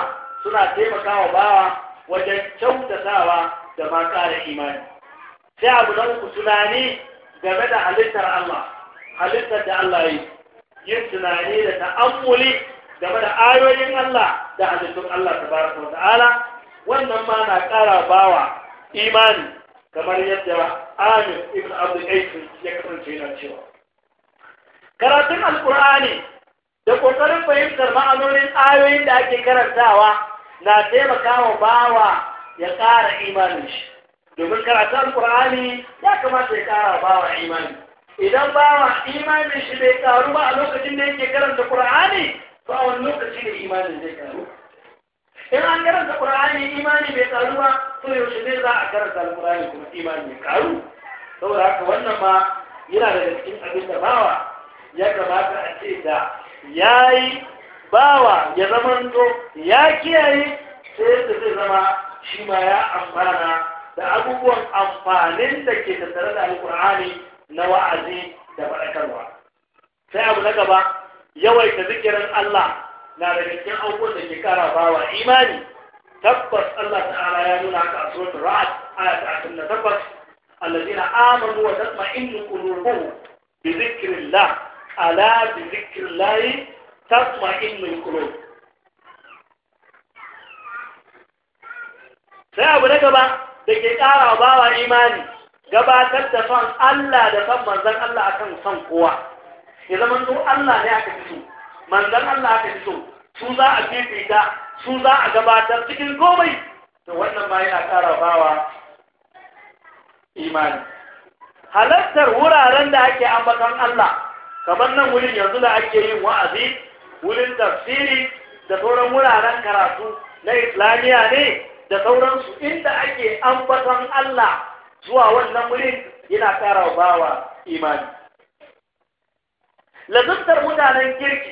suna taimakawa bawa wajen kyautatawa da ma ƙara imani. sai abu na uku tunani game da halittar Allah halittar da Allah yi yin tunani da ta'ammuli game da ayoyin Allah da halittun Allah tabaraka wa ta'ala wannan ma na ƙara bawa imani kamar yadda Amir ibn Abdul Aikin ya kasance yana cewa karatun alkur'ani da ƙoƙarin fahimtar ma'anonin ayoyin da ake karantawa na taimaka wa bawa ya ƙara imanin shi domin karatun Qur'ani ya kamata ya kara bawa imani idan bawa imani shi bai karu ba a lokacin da yake karanta Qur'ani ba a wani lokaci ne imanin zai karu in an karanta Qur'ani imani bai karu ba to yaushe ne za a karanta Qur'ani kuma imani ya karu saboda haka wannan ma yana da cikin abin da bawa ya kamata a ce da yayi bawa ya zamanto ya kiyaye sai yadda zai zama shi ma ya amfana da abubuwan amfanin da ke tattare da alkur'ani na wa'azi da faɗakarwa sai abu na gaba yawaita zikirin Allah na da cikin abubuwan da ke kara bawa imani tabbas Allah ta'ala ya nuna haka a suratul ra'd aya ta 28 alladheena amanu wa tatma'innu qulubuhum bi dhikrillah ala bi dhikrillah tatma'innu qulub sai abu na gaba da ke ƙara bawa imani gabatar da son Allah da son Manzan Allah akan son kowa ya zama su Allah ne aka fito Manzan Allah aka fito su za a fifita su za a gabatar cikin komai to wannan ma yana ƙara bawa imani halartar wuraren da ake ambaton Allah kamar nan wurin yanzu da ake yin wa'azi wurin tafsiri da sauran wuraren karatu na islamiyya ne da sauransu inda ake ambaton Allah zuwa wannan wurin yana ƙara wa bawa imani lazantar mutanen kirki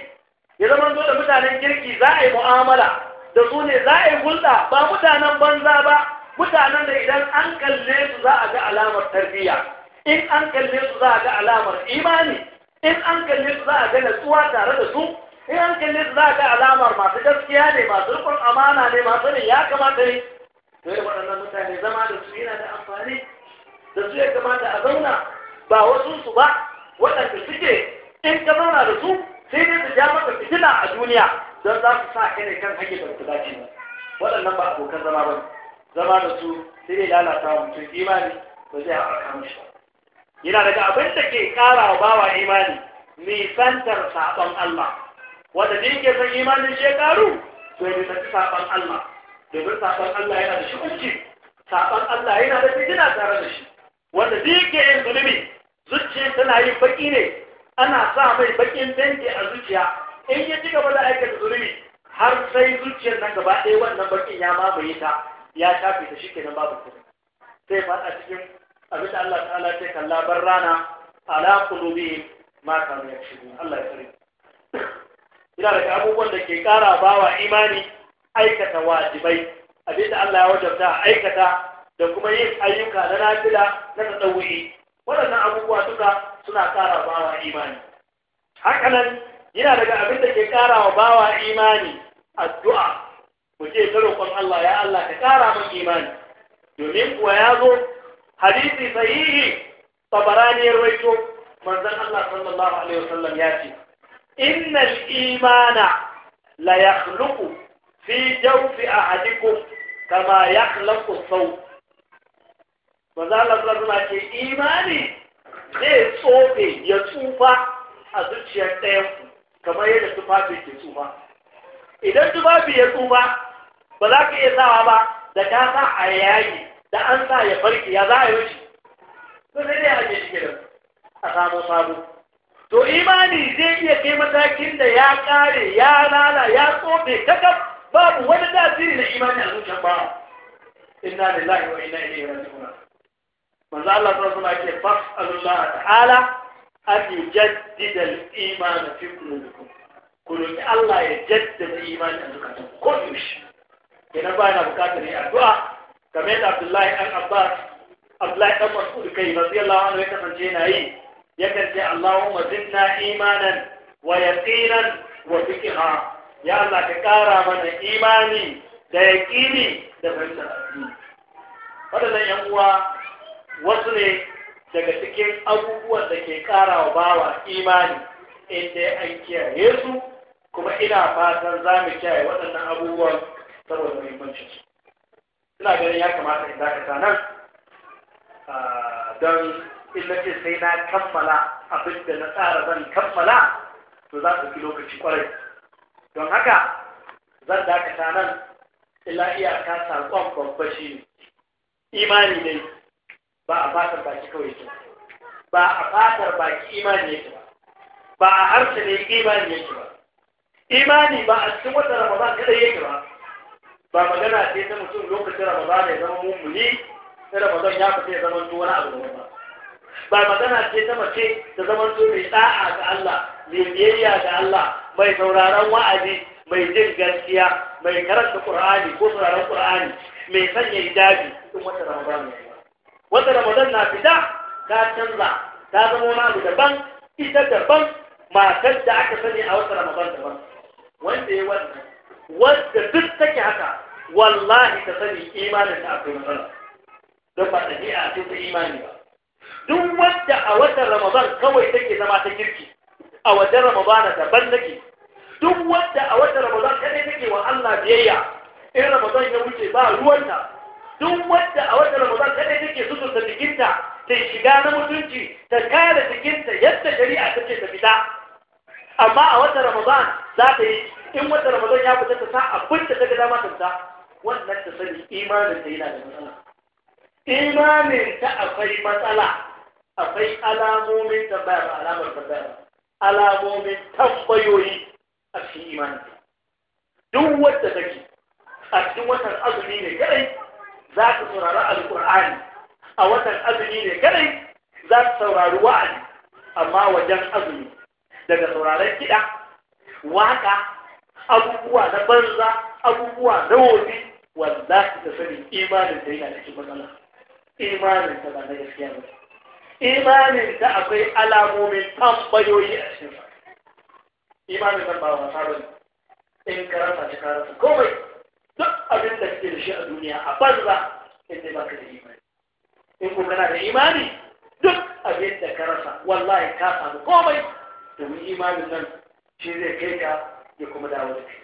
ya zama zo da mutanen kirki za a yi mu'amala da su ne za a yi hulɗa ba mutanen banza ba mutanen da idan an kalle su za a ga alamar tarbiyya in an kalle su za a ga alamar imani in an kalle su za a ga natsuwa tare da su in an kalli za ga alamar masu gaskiya ne masu rikon amana ne masu ne ya kamata ne to yi waɗannan mutane zama da su yana da amfani da su ya kamata a zauna ba wasu su ba waɗanda suke in ka zauna da su sai dai su ja maka fitina a duniya don za su sa kai ne kan hanyar da su dace ba waɗannan ba abokan zama ba zama da su sai dai lalata wa mutum imani ba zai haɓaka mishi ba yana daga abin da ke ƙara wa bawa imani nisantar saɓon Allah wanda da yake son imanin shekaru to ya tafi saban Allah domin saban Allah yana da shukunci saban Allah yana da fitina tare da shi wanda da yake yin zunubi zuciya tana yin baki ne ana sa mai bakin danke a zuciya in ya ci gaba da aikata zunubi har sai zuciyar nan gaba ɗaya wannan bakin ya mamaye ta ya shafe ta shi kenan babu kuma sai faɗa cikin abin da Allah ta'ala ce kalla bar rana ala qulubihim ma kanu yakshurun Allah ya kare yana daga abubuwan da ke ƙara bawa imani aikata wajibai abinda Allah ya wajabta aikata da kuma yin ayyuka na nafila na tsadawu'i waɗannan abubuwa suka suna ƙara bawa imani nan yana daga abin da ke ƙara wa bawa imani addu'a mu ce ta roƙon Allah ya Allah ka kara min imani domin kuwa ya zo hadisi sahihi tabarani ya rawaito manzon Allah sallallahu alaihi wasallam ya ce innal imana la yakhluqu fi jawfi ahadikum kama yakhluqu sau manzo Allah sallallahu ce imani zai tsofe ya tsufa a zuciyar ɗayan kama yadda yadda tufafi ke tsufa idan tufafi ya tsufa ba za ka iya sawa ba da ka sa a yayi da an sa ya farki ya za a yi wuce Sun sai dai a je a samu sabo to imani zai iya kai matakin da ya kare ya lala ya tsofe kakaf babu wani tasiri na imani a zuciyar ba inna lillahi wa inna ilaihi raji'un manzo Allah sallallahu alaihi wasallam ke fas'alullah ta'ala an yujaddida al-iman fi qulubikum ku roki Allah ya jaddada imani a zuciyarku ko yaushe kenan ba yana bukatar yi addu'a game da Abdullahi an Abbas Abdullahi dan Mas'ud kai radiyallahu anhu ya kasance yana yi yakan ce Allahumma zidna imanan wa yaqinan wa fiqha ya Allah ka kara mana imani da yaqini da fahimtar wadannan yan uwa wasu ne daga cikin abubuwan da ke kara wa bawa imani inda an kiyaye su kuma ina fatan za mu kiyaye waɗannan abubuwan saboda mahimmanci. ina ganin ya kamata in dakata nan don Illa ce sai na kammala abin da na tsara zan kammala to za su fi lokaci kwarai don haka zan dakata nan illa iyaka saƙon babba shi ne imani ne ba a fatar baki kawai ke ba a fatar baki imani yake ba ba a harshe ne imani yake ba imani ba a cikin wata ramadan kadai yake ba ba magana ce ta mutum lokacin ramadan ya zama mummuni sai ramadan ya fita ya zama wani abu ba ba magana ce ta mace ta zaman su mai da'a ga Allah mai biyayya ga Allah mai sauraron wa'azi mai jin gaskiya mai karanta Qur'ani ko sauraron Qur'ani mai sanya hijabi cikin wata Ramadan wata Ramadan na fita ta canza ta zama wani abu daban ita daban matar da aka sani a wata Ramadan daban wanda ya wannan wanda duk take haka wallahi ta sani imanin ta akwai matsala don ba ɗabi'a a cikin imani ba duk wanda a watan ramadan kawai take zama ta kirki a wajen ramadan daban nake duk wanda a watan ramadan kadai take wa Allah biyayya in ramadan ya wuce ba ruwanta duk wanda a watan ramadan kadai take sutunta jikinta ta shiga na mutunci ta kare jikinta yadda shari'a take ta fita amma a watan ramadan za ta yi in watan ramadan ya fita ta sa abin da ta ga dama ta fita wannan ta sani imanin ta yana da matsala imanin ta akwai matsala akwai alamomin tambaya ba alamar tambaya ba alamomin tambayoyi a cikin imani duk wanda kake a cikin watan azumi ne kai za ka saurari alqur'ani a watan azumi ne kai za ka saurari wa'azi amma wajen azumi daga sauraron kiɗa waka abubuwa na banza abubuwa na wofi za ka sani imanin ta yana cikin matsala imanin ta ba na gaskiya ba imanin da akwai alamomin tambayoyi a cikin sa imanin nan ba wasa ba in karanta ta karanta komai duk abin da kake da shi a duniya a banza in dai baka da imani in ko kana da imani duk abin da ka rasa wallahi ka samu komai domin imanin nan shi zai kai ka ya kuma dawo da kai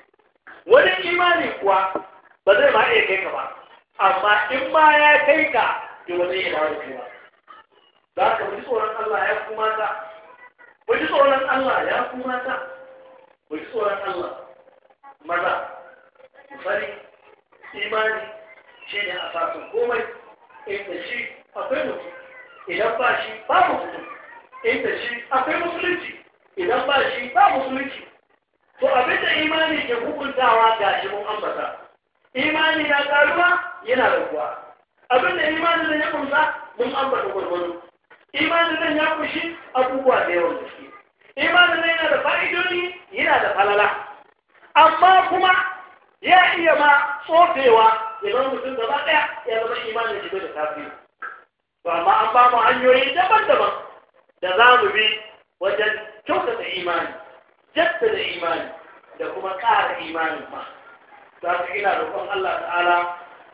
wani imani kuwa ba zai ma iya kai ka ba amma in ma ya kai ka to wani zai dawo da kai ba za ka mu ji tsoron Allah ya kuma ta mu ji tsoron Allah ya kuma ta mu ji tsoron Allah maza ku sani imani shi ne a fasin komai inda shi akwai mutu idan ba shi ba mutum inda shi akwai musulunci idan ba shi ba musulunci to abin da imani ke hukuntawa ga shi mun ambata imani na karuwa yana raguwa abin da imanin da ya kunsa mun ambata gwargwado imanin nan ya kushi abubuwa da yawan jiki. imanin nan yana da fa'idodi yana da falala amma kuma ya iya ma tsofewa idan mutum gaba ɗaya ya zama imanin shi da tafi to amma an ba mu hanyoyi daban-daban da za mu bi wajen kyautata imani jaddada imani da kuma ƙara imanin ma za ina roƙon Allah ta'ala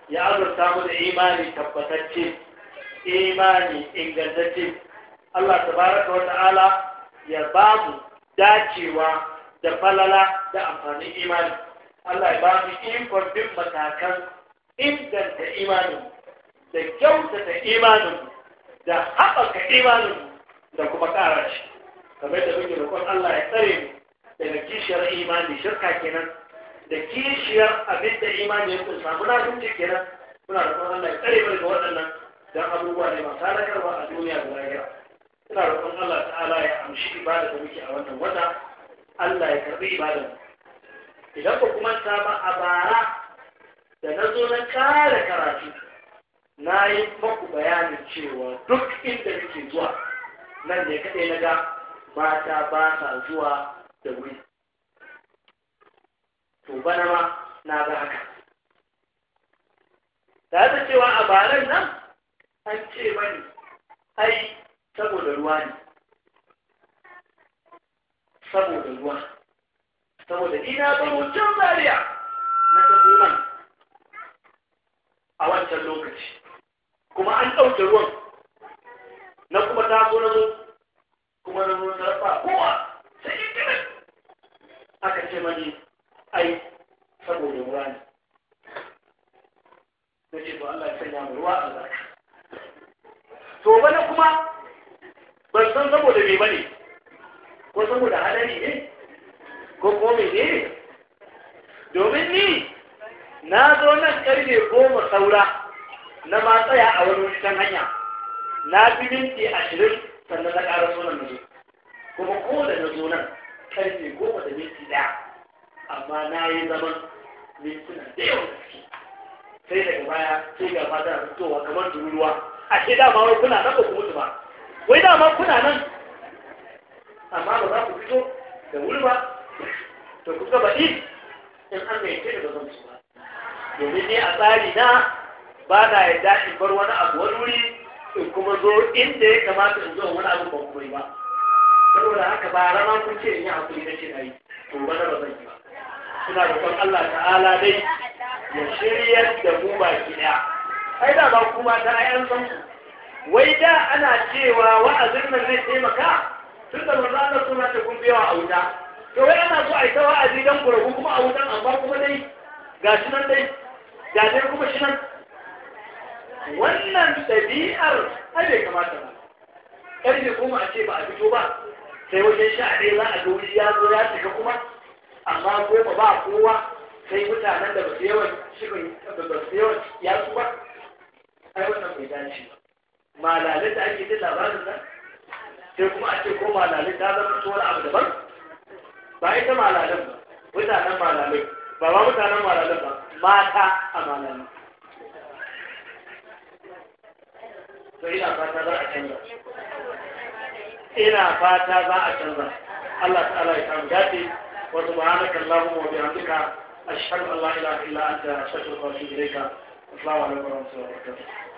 ya azurta mu da imani tabbatacce imani ingantacce Allah tabaraka wa ta'ala ya ba mu dacewa da falala da amfanin imani Allah ya ba mu ikon bin matakan inganta imanin da kyautata imanin da haɓaka imanin da kuma ƙara shi kamar da muke roƙon Allah ya tsare mu daga kishiyar imani shirka kenan da kishiyar abin da imani ya kunsa muna kunce kenan muna roƙon Allah ya tsare mu daga waɗannan dan abubuwa ne masu halakarwa a duniya da lahira ina roƙon Allah ta'ala ya amshi ibada da muke a wannan wata Allah ya karɓi ibada idan ba kuma ta ba a bara da na zo na kare karatu na yi maku bayanin cewa duk inda kake zuwa nan ne kaɗai na ga mata ba sa zuwa da wuri to bana ma na ga haka ta cewa a baran nan an ce mani ai saboda ruwa ne saboda ruwa saboda ina baro can zariya na tafi nan a wancan lokaci kuma an ɗauke ruwan na kuma taso na zo kuma na zo na kowa sai in aka ce mani ai saboda ruwa ne na ce to Allah ya sanya mu ruwa a albarka to wani kuma ban san saboda me bane ko saboda hadari ne ko kome ne domin ni na zo nan karfe goma saura na ma tsaya a wani wutan hanya na fi minti ashirin sannan na ƙara sunan na kuma ko da na zo nan karfe goma da minti ɗaya amma na yi zaman mintuna da yawan gaske sai daga baya sai ga fata fitowa kamar dururuwa. Ashe dama wai kuna nan ba ku mutu ba wai dama kuna nan amma ba za ku fito da wuri ba to ku ba baɗi in an mai ce da zan ba domin ne a tsari na ba na ya daɗi bar wani abu wani wuri in kuma zo inda ya kamata in zo wani abu ba kuma ba saboda haka ba rama kun ce in yi hakuri na ce na yi to bana ba zan yi ba suna roƙon Allah ta'ala dai ya shiryar da mu baki ɗaya ai da ba kuma ta ayan san wai da ana cewa wa'azin nan zai taimaka tun da manzo Allah suna ta kun biya a wuta to wai ana zuwa ai ta wa'azi dan gurbu kuma a wutan amma kuma dai gashi nan dai da dai kuma shi nan wannan ɗabi'ar ai bai kamata ba ƙarfe kuma a ce ba a fito ba sai wajen sha ɗaya za a wuri ya zo ya shiga kuma amma goma ba kowa sai mutanen da ba su yawan shirin da ba su yawan su ba ai wannan bai dace ba malalai da ake jin labarin nan sai kuma a ce ko malalai ta zama to wani abu daban ba ita malalan ba mutanen malamai ba ba mutanen malalan ba mata a malamai to ina fata za a canza ina fata za a canza Allah ta'ala ya samu dace wa subhanaka allahumma wa bihamdika ashhadu an la ilaha illa anta astaghfiruka wa atubu ilayka السلام عليكم ورحمة الله وبركاته